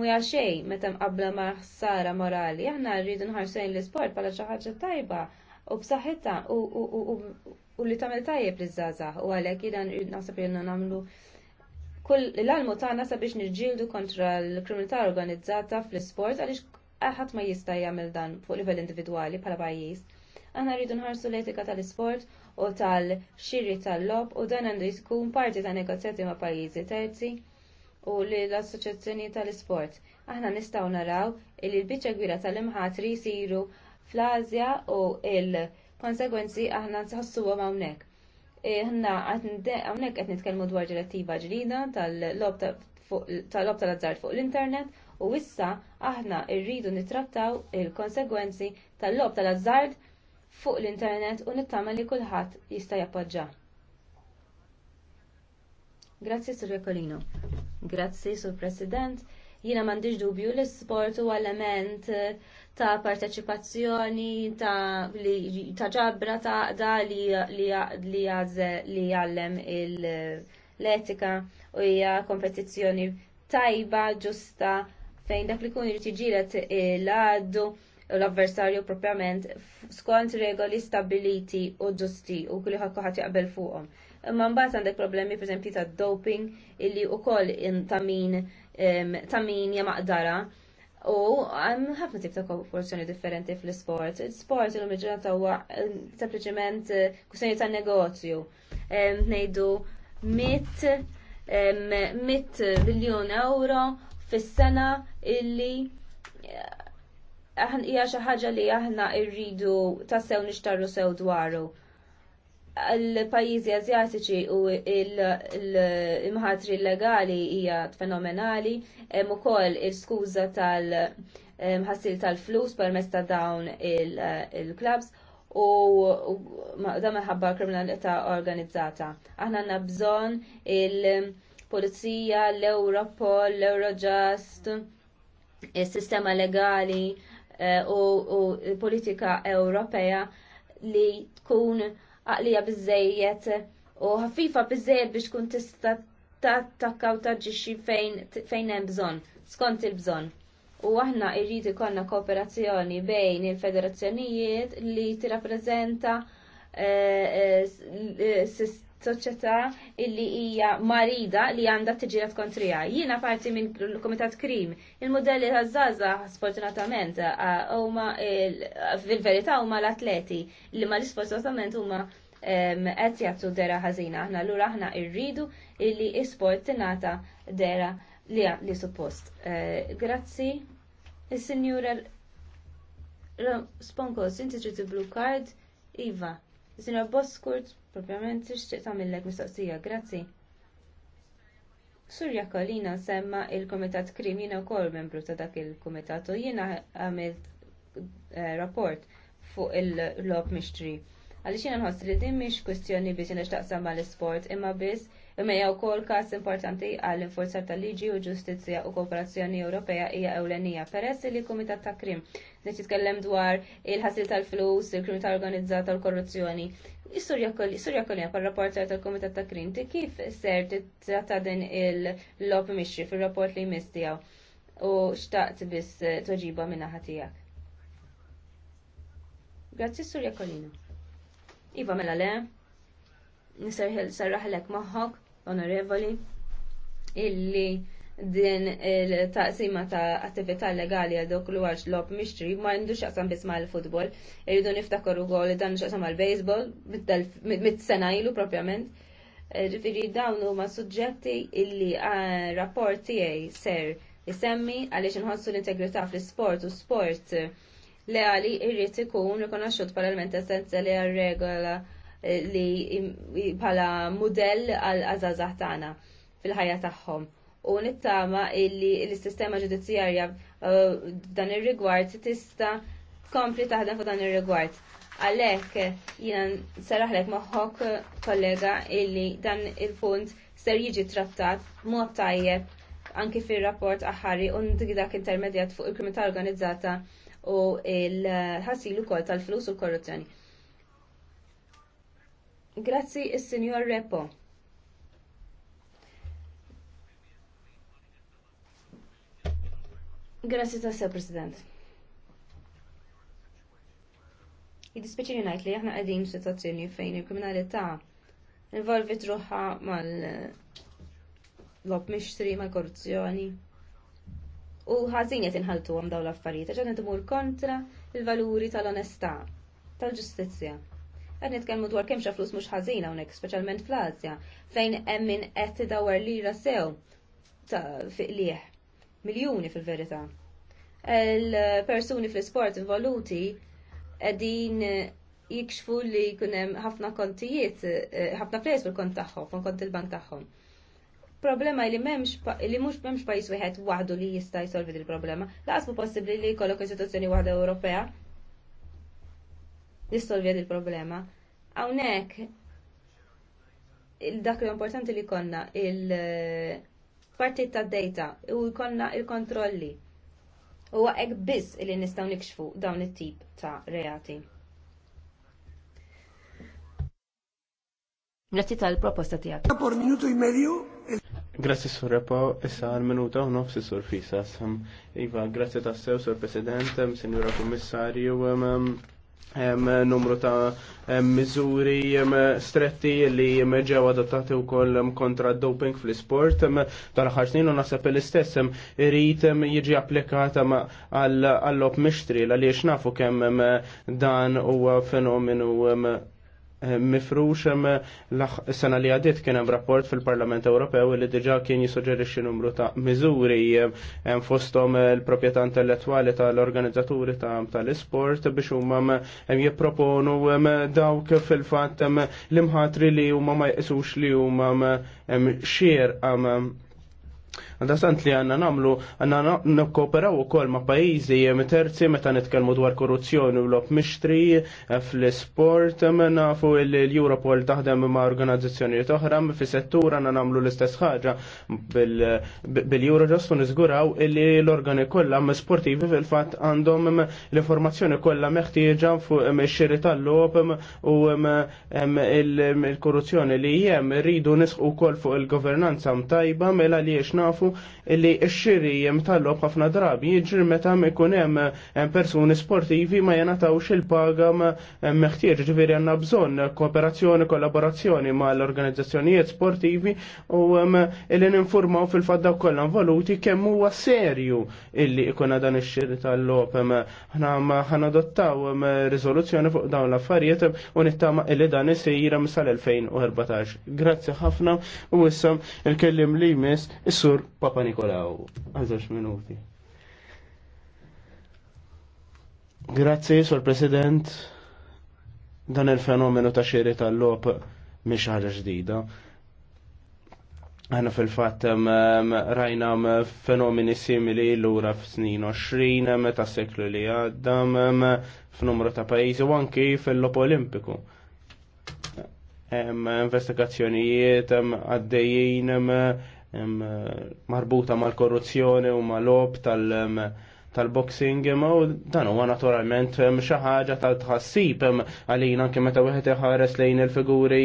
muja xejn meta mqabbla ma' ħsara morali. Aħna rridu nħarsejn l-isport bħala xi ħaġa tajba u b'saħħitha u u li tagħmel tajjeb li żgħażagħ u għalhekk jiena naħseb jenna nagħmlu kull l-almu tagħna sabiex niġġieldu kontra l-kriminalità organizzata fl-isport għaliex ħadd ma jista' jagħmel dan fuq livell individwali bħala pajjiż. Aħna rridu nħarsu l-etika tal-isport u tal-xiri tal-lob u dan għandu jkun parti ta' negozjati ma' pajjiżi terzi u li l-assoċjazzjoni tal-isport. Aħna nistgħu naraw li l-biċċa gwira tal-imħatri jsiru fl azja u il- konsegwenzi aħna nsaħsuhom hawnhekk. E, ħna hawnhekk qed nitkellmu dwar direttiva ġlida tal-lob tal azzar fuq l-internet u issa aħna rridu nittrattaw il-konsegwenzi tal-lob tal azzar fuq l-internet u nittama li kulħadd jista' jappoġġa. Grazzi Sur Rekolino. Grazzi Sur President. Jiena m'għandix dubju l-sport u element ta' parteċipazzjoni, ta', li, ta ġabra ta' da li, li, li, li jallem l-etika u hija kompetizzjoni tajba, ġusta, fejn dak li kun irtiġilet l-għaddu l-avversarju propjament skont regoli stabiliti u ġusti u kulli ħakku ħat jaqbel fuqhom. Imma mbagħad għandek problemi pereżempju ta' doping illi wkoll ta' min ta' maqdara U għam ħafna tip ta' korruzzjoni differenti fl-sport. il lum il ta' għu eh, sempliċement eh, kustenju ta' negozju. Nejdu mit mit biljon euro fis-sena illi eh, hija xi ħaġa li aħna rridu tassew nixtarru sew dwaru l-pajjiżi Azjatiċi u l-imħatri legali hija fenomenali, hemm ukoll il-skuża tal-ħassil tal-flus permezz ta' dawn il-klabs u dan minħabba kriminalità organizzata. Aħna għandna bżonn il-Polizija, l-Europol, l-Eurojust, il-sistema legali eh, u politika Ewropea li tkun għalija bizzejiet u ħafifa bizzejiet biex tkun tista tattakka u taġġixxi fejn hemm bżonn, skont il-bżonn. U aħna irrid ikollna kooperazzjoni bejn il-federazzjonijiet li tirrappreżenta eh, eh, eh, soċjetà illi hija marida li għandha tiġilet kontrija. Jiena parti minn l-Kumitat Krim. Il-modelli ta' Zaza sfortunatament huma fil-verità huma l-atleti li ma l-sfortunatament huma qed jagħtu dera ħażina. Aħna lura aħna rridu illi isport tingħata dera li suppost. E, grazzi. Is-Sinjura Sponkos, inti trid blue card? Iva. Sina Boskurt, propjament tixtieq tagħmilek mistoqsija, grazzi. Surja Kolina semma il-Komitat Krim jiena wkoll membru ta' dak il-Kumitat u jiena għamilt eh, rapport fuq il-lob mixtri. Għaliex jina nħossi li din mhix kwestjoni biex jiena x'taqsam mal-isport imma biss Imma wkoll każ importanti għall forza tal-liġi u ġustizzja u kooperazzjoni Ewropea hija ewlenija peress li kumitat ta' krim se jitkellem dwar il-ħasil tal-flus, il-krim ta' organizzata l-korruzzjoni. Istorja kollha par rapport tal-Kumitat ta' Krim ti kif ser titrata din il-lop mixri fir-rapport li jmiss tiegħu u xtaqt biss toġiba minna ħatijak. Grazzi Surja Kolina. Iva mela le, nisarraħlek maħħok onorevoli illi din il-taqsima ta' attività legali għal dok li għax lob mixtri ma' jindux xaqsam bisma l-futbol, irridu u għol li dan xaqsam għal-baseball, mit-sena ilu propjament. Ġifiri dawn huma suġġetti illi rapport tiegħi ser isemmi għaliex inħossu l-integrità fl-sport u sport leali irrid ikun rikonoxxut bħala essenzjali għar-regola li bħala mudell għal azazah tagħna fil-ħajja tagħhom. U nittama illi l-sistema ġudizzjarja uh, dan ir-rigward tista' tkompli taħdem dan ir-rigward. Għalhekk jiena saraħlek moħħok kollega illi dan il-punt ser jiġi trattat mod tajjeb anki fil-rapport aħħari un dak intermedjat fuq il-kriminalità organizzata u il-ħasilu kol tal-flus u l-korruzzjoni. Grazzi il signor Repo. Grazzi ta' se, President. Jidispeċi li najt li jahna għedin situazzjoni fejn il-kriminalità involvit ruħa mal lob mixtri mal korruzzjoni. U ħażin qed inħaltu għam dawn l-affarijiet ġan imur kontra il-valuri tal-onestà, tal-ġustizzja qed nitkellmu dwar kemm flus mhux ħażin hawnhekk, speċjalment fl-Asja, fejn hemm min qed tidawar lira sew ta' fiq lieħ. Miljuni fil-verità. Il-persuni fl-isport involuti qegħdin jikxfu li jkun hemm ħafna kontijiet, ħafna flejs fil-kont tagħhom, fil-kont il-bank tagħhom problema li memx li mhux memx pajjiż wieħed waħdu li jista' jsolvi il problema Laqas possibbli li jkollok istituzzjoni waħda Ewropea jissolvi il problema Hawnhekk dak l-importanti li konna il-partit ta' data u konna il-kontrolli. U hekk biss li nistgħu nikxfu dawn it-tip ta' reati. Grazzi tal-proposta tiegħek. Por minuto i e medio. Grazzi sur repo, issa għal minuta u nofsi sur fisas. Iva, grazzi tas-sew, sur president, signora kommissarju, um, um, numru ta' miżuri stretti li ġew adottati wkoll kontra doping fl-isport tal-aħħar u naħseb l-istess irid jiġi applikata għall-op l għaliex nafu kemm dan huwa fenomenu mifrux sena li għadiet kien hemm rapport fil-Parlament Ewropew li diġà kien jisuġġerixxi numru ta' miżuri hemm fosthom il-proprjetà intellettwali tal-organizzaturi tal-isport biex huma jipproponu dawk fil-fatt l-imħatri li huma ma jqisux li huma xier Għandastant li għanna namlu, għanna nkooperaw u kol ma' pajizi terzi meta nitkelmu dwar korruzzjoni u l-op mixtri, eh, fl-sport, eh, nafu l-Europol taħdem ma' organizzazzjoni toħra, fi settur għanna namlu l-istess ħaġa bil-Eurojust un izguraw li l-organi kollha sportivi fil-fat għandhom l-informazzjoni kollha meħtieġa fuq xiri tal-lop u il-korruzzjoni li jem rridu nisqu kol fuq il-governanza mtajba mela li nafu nafu li xxiri xiri jem tal-lob ħafna drabi jiġri meta ikun hemm persuni sportivi ma jenatawx il-paga meħtieġ ġiviri għandna bżonn kooperazzjoni, kollaborazzjoni mal-organizzazzjonijiet sportivi u li ninformaw fil-fadda kollha involuti kemm huwa serju illi ikuna dan ix-xiri tal-lob. Ħna ħanadottaw rizoluzzjoni fuq dawn l-affarijiet u nittama illi dan isir sal-2014. Grazzi ħafna u issa il-kellim li jmiss is-sur Papa Nikolaw, għazax minuti. Grazzi, Sur President, dan il-fenomenu ta' xiri tal-lop miex ħaġa ġdida. Għana fil-fat rajna fenomeni simili l-ura f-snin 20 meta seklu li għadda f'numru ta' pajizi u anki fil-lop olimpiku. Investigazzjonijiet għaddejjien marbuta mal-korruzzjoni u mal-lob tal-boxing ma u dan huwa naturalment xi ħaġa tal-tħassib għalina anke meta wieħed iħares lejn il-figuri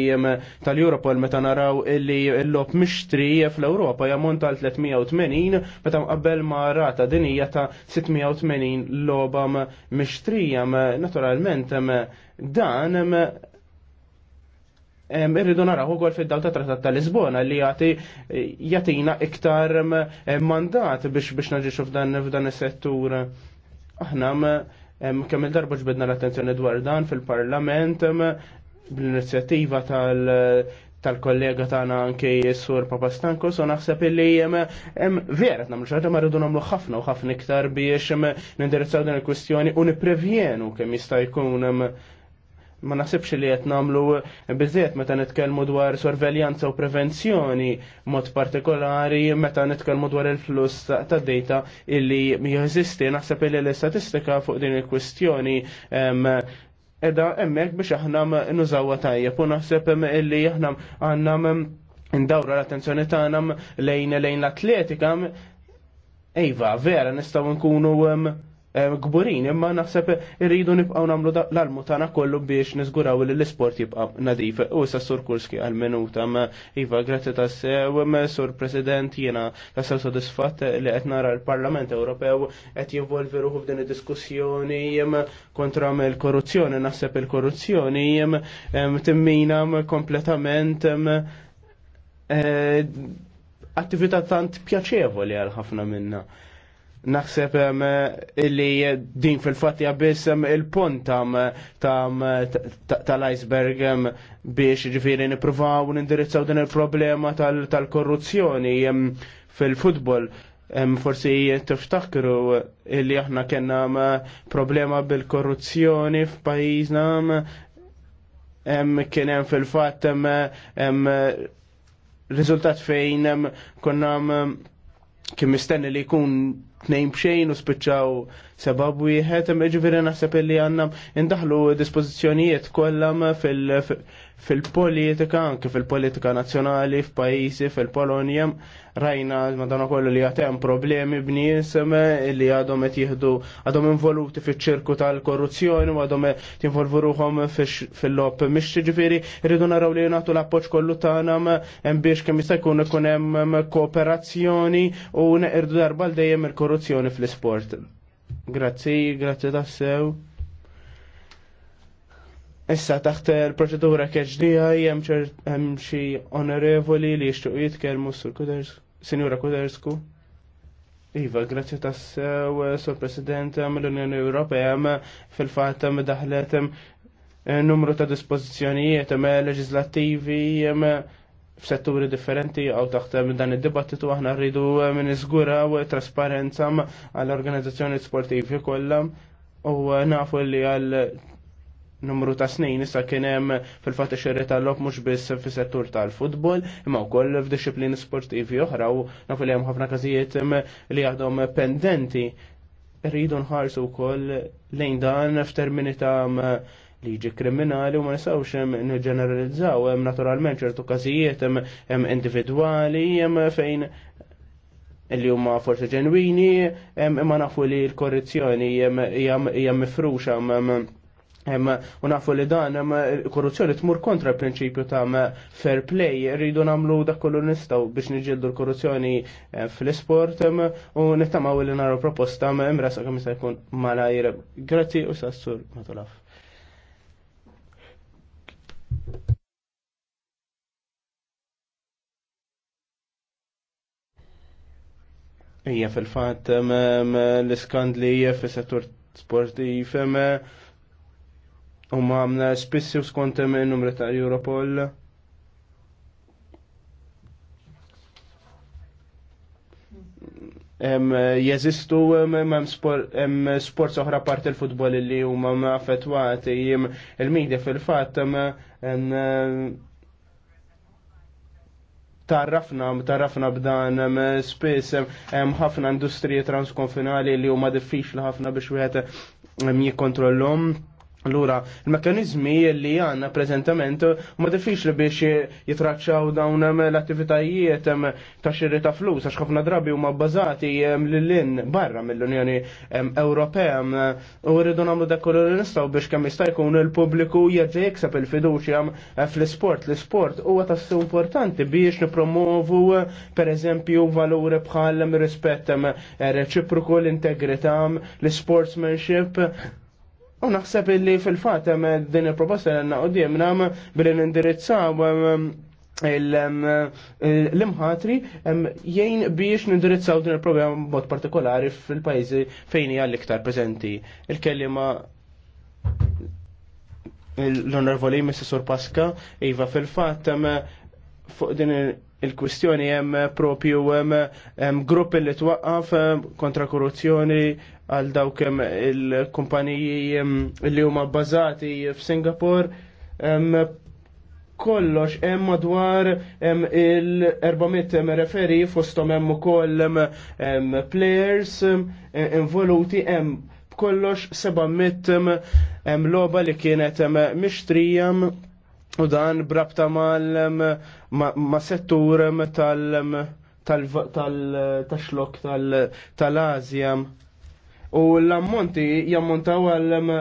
tal europa meta naraw illi l-lob mixtri fl-Ewropa jammont tal 380 meta qabel ma rata dinija ta' 680 loba mixtrija naturalment dan irridu naraw ukoll fid fil ta' Trattat tal Lisbona li jagħti jagħtina iktar mandat biex biex naġiċu f'dan f'dan is-settur. Aħna kemm il-darba ġbidna l-attenzjoni dwar dan fil-Parlament bl-inizjattiva tal tal-kollega tagħna anke s-sur Papa Stanko, so naħseb illi hemm vera nagħmlu xi ħaġa ma rridu nagħmlu ħafna u ħafna iktar biex nindirizzaw din il-kwistjoni u nipprevjenu kemm jista' jkun hemm ma nasibx li qed nagħmlu biżiet meta nitkellmu dwar sorveljanza u prevenzjoni mod partikolari meta nitkellmu dwar il-fluss ta' data illi jeżisti naħseb li l-istatistika fuq din il-kwistjoni edha hemmhekk biex aħna nużawha tajjeb u naħseb illi aħna għandna ndawra l-attenzjoni tagħna lejn lejn l-atletika Ejva, vera, nistgħu nkunu Eh, gburin, imma naħseb irridu nibqaw namlu l-almu tana kollu biex nizguraw li l-sport jibqa nadif. U sa sur Kurski għal-minuta, Iva, grazie ta' sew, sur President, jena ta' sew sodisfat li qed nara l-Parlament Ewropew qed jivolvi ruħu f'din id-diskussjoni kontra l korruzzjoni naħseb il-korruzzjoni timmina kompletament eh, attività tant pjaċevoli għal ħafna minna naħseb li din fil-fatt biss il-pontam tal-iceberg biex ġifiri niprofaw nindirizzaw din il-problema tal-korruzzjoni fil-futbol. Forsi tiftakru li aħna kena problema bil-korruzzjoni f'pajjiżna kien hemm fil-fatt hemm riżultat fejn konna kien mistenni li jkun tnejn bxejn u spiċċaw sebab wieħed hemm ġifieri naħseb illi għandna indaħlu dispożizzjonijiet kollha fil-politika anke fil-politika nazzjonali f'pajjiżi fil-Polonja rajna madanakollu li għad hemm problemi b'niesem li għadhom qed jieħdu għadhom involuti fiċ-ċirku tal-korruzzjoni u għadhom qed jinvolvu ruhom fil-lob mhix ġifieri rridu naraw li nagħtu l-appoġġ kollu tagħna hemm biex kemm jista' jkun ikun hemm kooperazzjoni u neqirdu darba l dejjem il-korruzzjoni korruzzjoni fl-isport. Grazzi, grazzi tassew. Issa taħt il-proċedura keġdija jem hemm xi onorevoli li jixtuq jitkellmu sur Kuders, Kudersku. Iva, grazzi tassew, sur President mill-Unjoni Ewropea fil-fatt daħlet eh, numru ta' dispożizzjonijiet leġislattivi f'setturi differenti għaw taħt minn eh, dan id-dibattitu aħna rridu eh, minn izgura u trasparenza għall-organizzazzjoni sportivi kollha u eh, nafu li għal numru ta' snin issa kien hemm fil-fatt ix-xirri tal-lob mhux biss fis-settur tal-futbol, imma wkoll f'disciplini sportivi oħra u nafu li hemm ħafna każijiet li għadhom pendenti rridu nħarsu wkoll lejn dan f'termini ta' liġi kriminali u ma nisawx nġeneralizzaw hemm naturalment ċertu każijiet hemm individwali hemm fejn li huma forsi ġenwini imma nafu li l-korruzzjoni hija mifruxa u nafu li dan korruzzjoni tmur kontra l-prinċipju ta' fair play rridu namlu dak kollu nistgħu biex niġġieldu l-korruzzjoni eh, fl-isport u nittamaw li naru proposta imresa kemm se jkun malajr. Grazzi u sassur matulaf. Ija fil-fat l-iskandli fis settur sportiv umma għamna spissi u skont numri ta' Europol. jeżistu sports oħra part il-futbol li huma affettwati il-medja fil-fatt tarrafna tarrafna b'dan spiss hemm ħafna industriji transkonfinali li huma diffiċli ħafna biex wieħed jikkontrollhom Allura, il-mekanizmi li għanna prezentament ma diffiċli biex jitraċċaw dawn l-attivitajiet ta' xirri ta' flus, għax ħafna drabi huma bbażati l-lin barra mill-Unjoni Ewropea u rridu nagħmlu dak kollu li nistgħu biex kemm jista' jkun il-pubbliku jerġa' jikseb il-fiduċja fl-isport. L-isport huwa tassu importanti biex nipromovu pereżempju valuri bħal rispett reċiproku l-integrità, l-sportsmanship U naħseb li fil-fat din il-proposta li għandna qudiem nagħm billi nindirizzaw l-imħatri jgħin biex nindirizzaw din il-problema mod partikolari fil-pajzi fejn hija l-iktar preżenti. Il-kelima l-onorvoli Mr. Pasqa, iva fil-fat fuq din il-kwistjoni hemm propju hemm grupp li twaqqaf kontra korruzzjoni għal dawk il-kumpaniji li huma bbażati f'Singapore kollox hemm madwar il-400 referi fosthom hemm ukoll players involuti hemm kollox 700 hemm loba li kienet mixtrija u dan brabta mal ma settur tal tal tal tal tal tal tal tal u l-ammonti jammontaw għal um,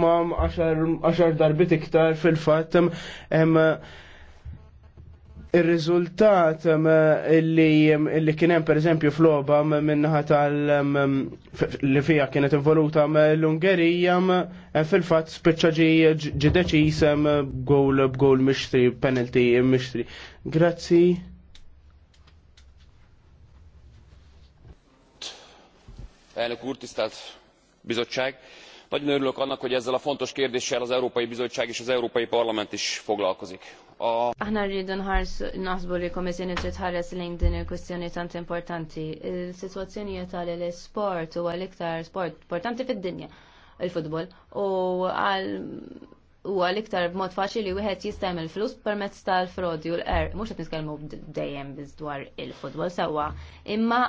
Mam 10 darbit iktar fil-fatt um, um, Il-rizultat li kienem per eżempju floba minnaħa tal li fija kienet involuta l-Ungerija fil-fat spiċaġi ġideċi jisem b'gowl b'gowl mixtri, penalty mixtri. Grazzi. elnök úr, tisztelt bizottság! Nagyon örülök annak, hogy ezzel a fontos kérdéssel az Európai Bizottság és az Európai Parlament is foglalkozik. Aħna rridu nħarsu naħsbu li komissjoni trid ħares lejn din il-kwestjoni tant importanti. Il-sitwazzjoni tal isport huwa l-iktar sport importanti fid-dinja il-futbol u għal huwa l iktar b'mod faċli li wieħed jistem il-flus permezz tal-frodi u l-er. Mhux qed nitkellmu dejjem biż dwar il-futbol sewwa, imma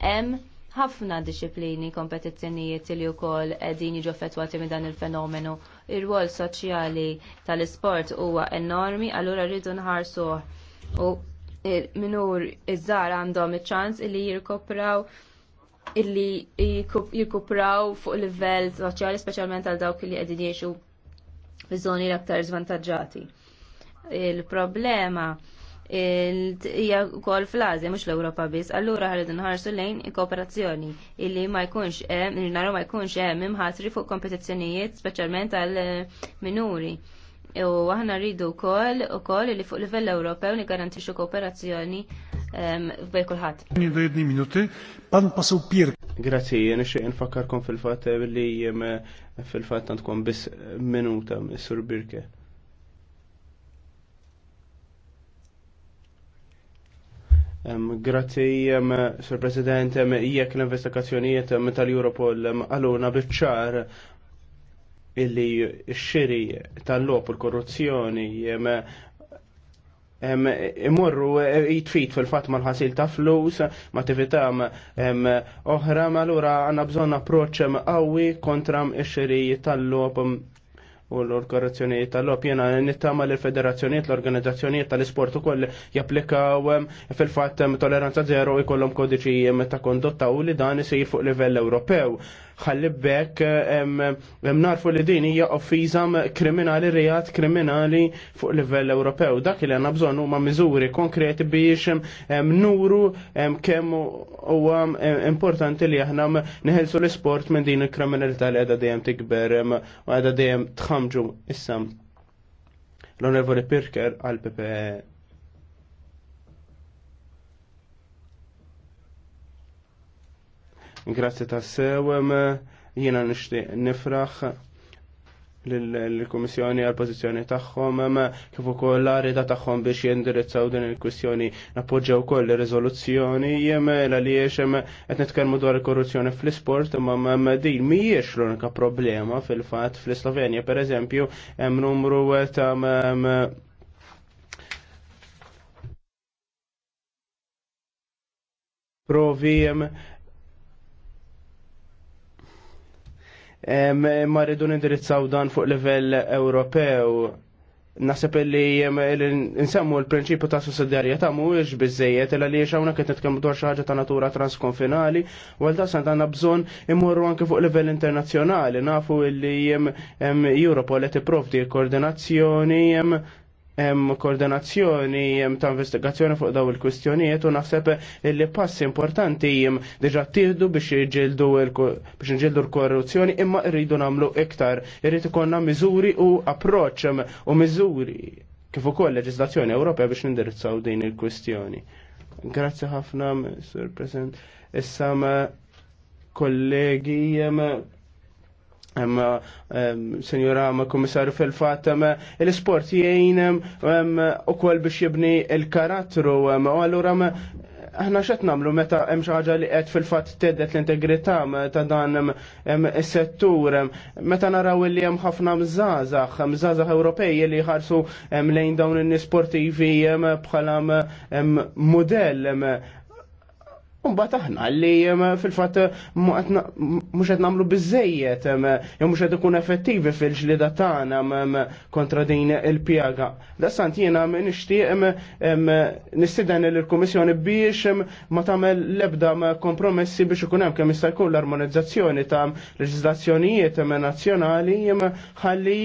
hemm ħafna disċiplini kompetizzjonijiet li wkoll qegħdin jiġu effettwati minn dan il-fenomenu. Ir-rwol soċjali tal-isport huwa enormi, allura rridu nħarsuh u minur iż żgħar għandhom iċ-ċans li jirkopraw illi jirkupraw fuq livell soċjali speċjalment għal dawk li qegħdin jgħixu fiż żoni l-aktar żvantaġġati. Il-problema hija kol fl azja mhux l-Ewropa biss, allura ħarid nħarsu lejn kooperazzjoni illi ma jkunx hemm naru ma jkunx hemm imħasri fuq kompetizzjonijiet speċjalment għal eh, minuri. U aħna rridu wkoll ukoll li fuq livell Ewropew nigarantixxu kooperazzjoni ehm, bej kulħadd. minuti, pan pasu pir. Grazzi, nixtieq nfakkarkom fil-fatt li fil-fatt għandkom biss minuta, Sur Birke. Grazzi, Sir President, jekk l-investigazzjonijiet tal-Europol għaluna biċċar illi xiri tal-lop l korruzzjoni imorru e, jitfit fil-fat ma l-ħasil ta' flus, ma attività oħra, ma l-ura għanna bżon approċ għawi kontra xiri tal-lop u l organizzazzjonijiet tal-lob. Jena nittama li l federazzjonijiet l organizzazzjonijiet tal-isport ukoll japplikaw fil-fatt toleranza zero ikollhom kodiċi ta' kondotta u li dan isir fuq livell Ewropew ħallibbek narfu li din hija offiża kriminali rejat kriminali fuq livell Ewropew. Dak li għandna bżonn huma miżuri konkreti biex nuru kemm huwa importanti li aħna neħelsu l-isport minn din il-kriminalità li għadha dejjem tikber u għadha dejjem tħamġu issa. L-Onorevoli Pirker għal PPE Grazzi ta' sewem, jiena nixtieq nifraħ l-Komissjoni għal pożizzjoni tagħhom kif ukoll l-arida tagħhom biex jindirizzaw din il-kwistjoni nappoġġew ukoll ir-riżoluzzjoni jem għaliex qed nitkellmu dwar il-korruzzjoni fl-isport imma din mhijiex l-unika problema fil-fatt fl-Slovenja pereżempju hemm numru ta' provi ma rridu nindirizzaw dan fuq livell Ewropew. Nasib li nsemmu l-prinċipju ta' sussidjarjetà mhuwiex biżejjed illa li hawnhekk qed nitkellmu dwar xi ħaġa ta' natura transkonfinali, għal ta' sant għandna bżonn immorru anke fuq livell internazzjonali, nafu li Europol qed tipprovdi koordinazzjoni hemm koordinazzjoni hemm ta' investigazzjoni fuq daw il-kwistjonijiet u naħseb li passi importanti jim diġa tieħdu biex jġildu biex nġildu l-korruzzjoni imma rridu nagħmlu iktar. Irrid ikollna miżuri u approċċ u miżuri kif ukoll leġislazzjoni Ewropea biex nindirizzaw din il-kwistjoni. Grazzi ħafna, Sur President. Issa kollegi Emma, senjora, ma komissarju fil-fat, l-sport jgħin u kol biex jibni il-karattru, u għallura aħna xet namlu meta hemm xi ħaġa li qed fil-fatt tedet l-integrità ta' dan is-settur. Meta naraw li hemm ħafna mżażaħ, mżażaħ Ewropej li ħarsu lejn dawn in-nisportivi bħala modell Mbagħad aħna li fil fatt mhux qed nagħmlu biżejjed jew mhux qed ikun effettivi fil-ġlida tagħna kontra din il-pjaga. Dassant jiena nixtieq nistieden il-Kummissjoni biex ma tagħmel l-ebda kompromessi biex ikun hemm kemm jista' jkun l-armonizzazzjoni ta' leġiżlazzjonijiet nazzjonali ħalli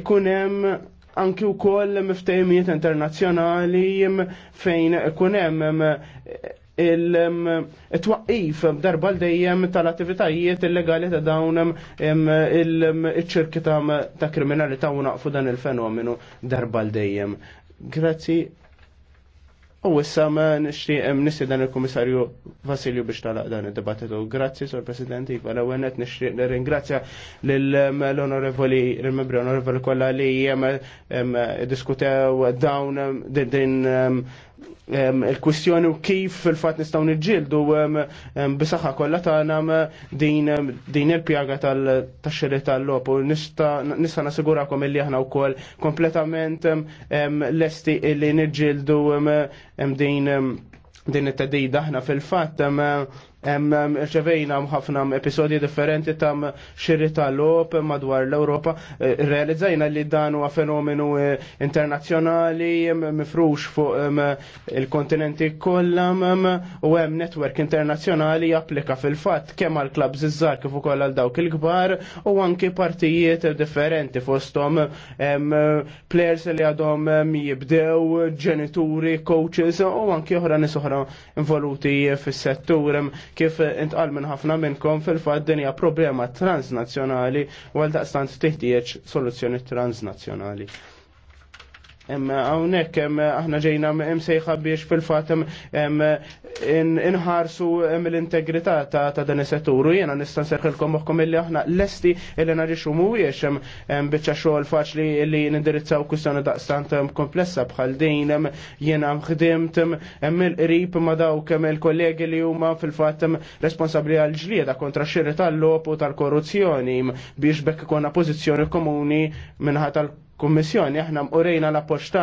ikun hemm anki u koll internazzjonali internazjonali fejn hemm il-twaqqif darba l-dejjem tal-attivitajiet illegali ta' dawn il-ċirki ta' kriminalità u naqfu dan il-fenomenu darba l-dejjem. Grazzi. U issa ma nixtieq nissi dan il-Kummissarju Vasilju biex talaq dan id debattitu Grazzi, Sur President, iva l-għennet nixtieq nirringrazzja l-onorevoli, l-membri onorevoli kollha li diskutew dawn din il-kwistjoni u kif fil-fat nistaw nġildu bisaxa kolla nam din il-pjaga tal-xiri tal-lop u nista nasigurakom illi aħna wkoll kompletament lesti li nġildu din din it-tedida aħna fil-fatt ċevejna ħafna episodji differenti ta' xirri tal-lop madwar l-Europa. E, realizzajna li dan huwa fenomenu e, internazzjonali mifrux fuq il-kontinenti kollha u hemm netwerk internazzjonali japplika fil-fatt kemm għal klabs iżżar kif ukoll għal dawk il-kbar u anki partijiet differenti fosthom players li għadhom jibdew, ġenituri, coaches u anki oħra nisoħra involuti fis-settur Kif intqal minn ħafna minnkom fil-fatt din hija problema transnazzjonali u għal daqstant tiħtieġ soluzzjoni transnazzjonali. Għawnek, aħna ġejna msejħa biex fil-fat inħarsu l-integrità ta' dan is-settur u jena nistan serħilkom moħkom illi aħna lesti illi naġiċu mujiex bieċa xogħol faċli illi nindirizzaw kustjoni daqstant komplessa bħal din jena mħdimt mill-qrib ma dawk il-kollegi li huma fil-fat responsabli għal ġlieda kontra xirri tal logħob u tal-korruzzjoni biex bekk ikonna pożizzjoni komuni minħat tal kummissjoni aħna mqorejna la appoġġ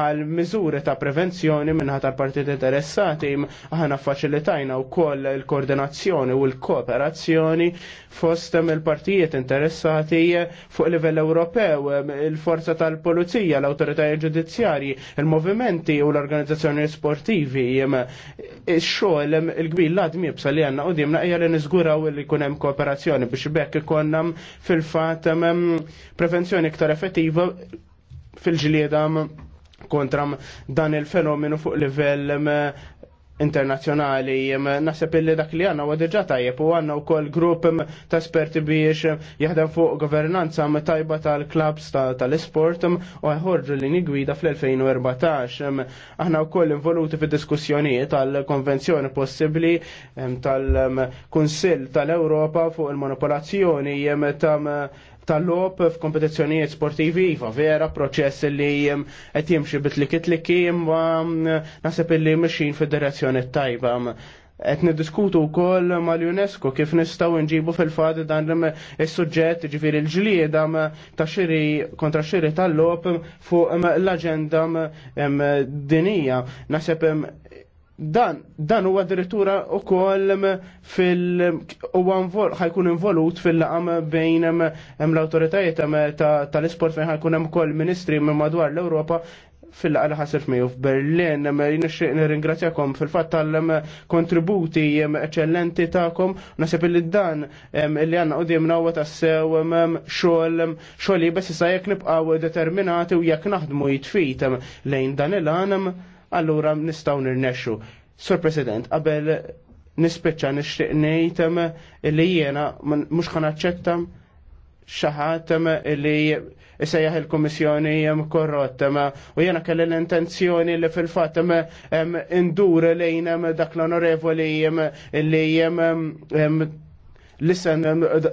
għal miżuri ta' prevenzjoni minnha tal partiti interessati aħna faċilitajna wkoll il-koordinazzjoni u l-kooperazzjoni fost il-partijiet interessati fuq livell Ewropew, il-forza tal-pulizija, l-awtoritajiet ġudizzjarji, il-movimenti u l-organizzazzjoni sportivi. Ix-xogħol il-kbir l-admi li għandna qudiemna hija li niżguraw li jkun hemm kooperazzjoni biex bekk ikonna fil-fatt prevenzjoni iktar effettiva fil-ġlieda kontra dan il-fenomenu fuq livell internazzjonali. Nasib illi dak li għanna għadġa tajjeb u għanna u koll grupp ta' esperti biex jaħdem fuq governanza tajba tal-klabs tal-sport u għahorġu li gwida fl-2014. Aħna u koll involuti fi diskussjoni tal-konvenzjoni possibli tal-Kunsill tal-Europa fuq il-manipolazzjoni ta' tal-lob f'kompetizzjonijiet sportivi, iva vera, proċess li qed jimxi tliki imma naħseb illi mixin fid-direzzjoni tajba. Qed niddiskutu wkoll mal-UNESCO kif nistgħu nġibu fil fadi dan is-suġġett ġifieri l-ġlieda ta' xiri kontra xiri tal-lob fuq l-aġenda dinija. Naħseb dan, dan huwa addirittura wkoll fil ħajkun involut fil-laqam bejn hemm l-awtoritajiet tal-isport fejn ħajkun hemm ukoll ministri minn madwar l-Ewropa fil-laqa li ħasir f'miju f'Berlin, nirringrazzjakom fil-fatt tal-kontributi eccellenti ta'kom, nasib li dan li għanna u dimna u tassew xol xoli bess jisa jek nibqaw determinati u jek naħdmu jitfit lejn dan il għanem allura nistgħu nirnexxu. Sur President, qabel nispiċċa nixtieq ngħid li jiena mhux ħan aċċetta xaħat li sejjaħ il-Komissjoni jem korrot u jena kelli l-intenzjoni li fil hemm indur lejn dak l-onorevoli li jem Listen,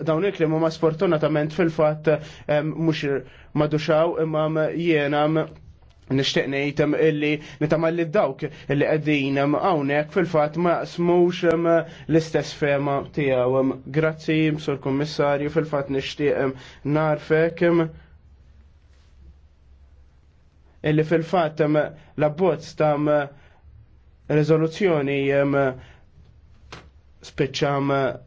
dawn il-klimu ma sfortunatament fil-fat mux maduxaw imma jena nishtiq nejtem illi nitamal li dawk illi qegħdin hawnhekk fil-fatt ma smux l-istess fema tiegħu. Grazzi, Sur Kommissarju, fil-fatt nixtieq narfek illi fil-fatt l-abbozz ta' riżoluzzjoni spiċċam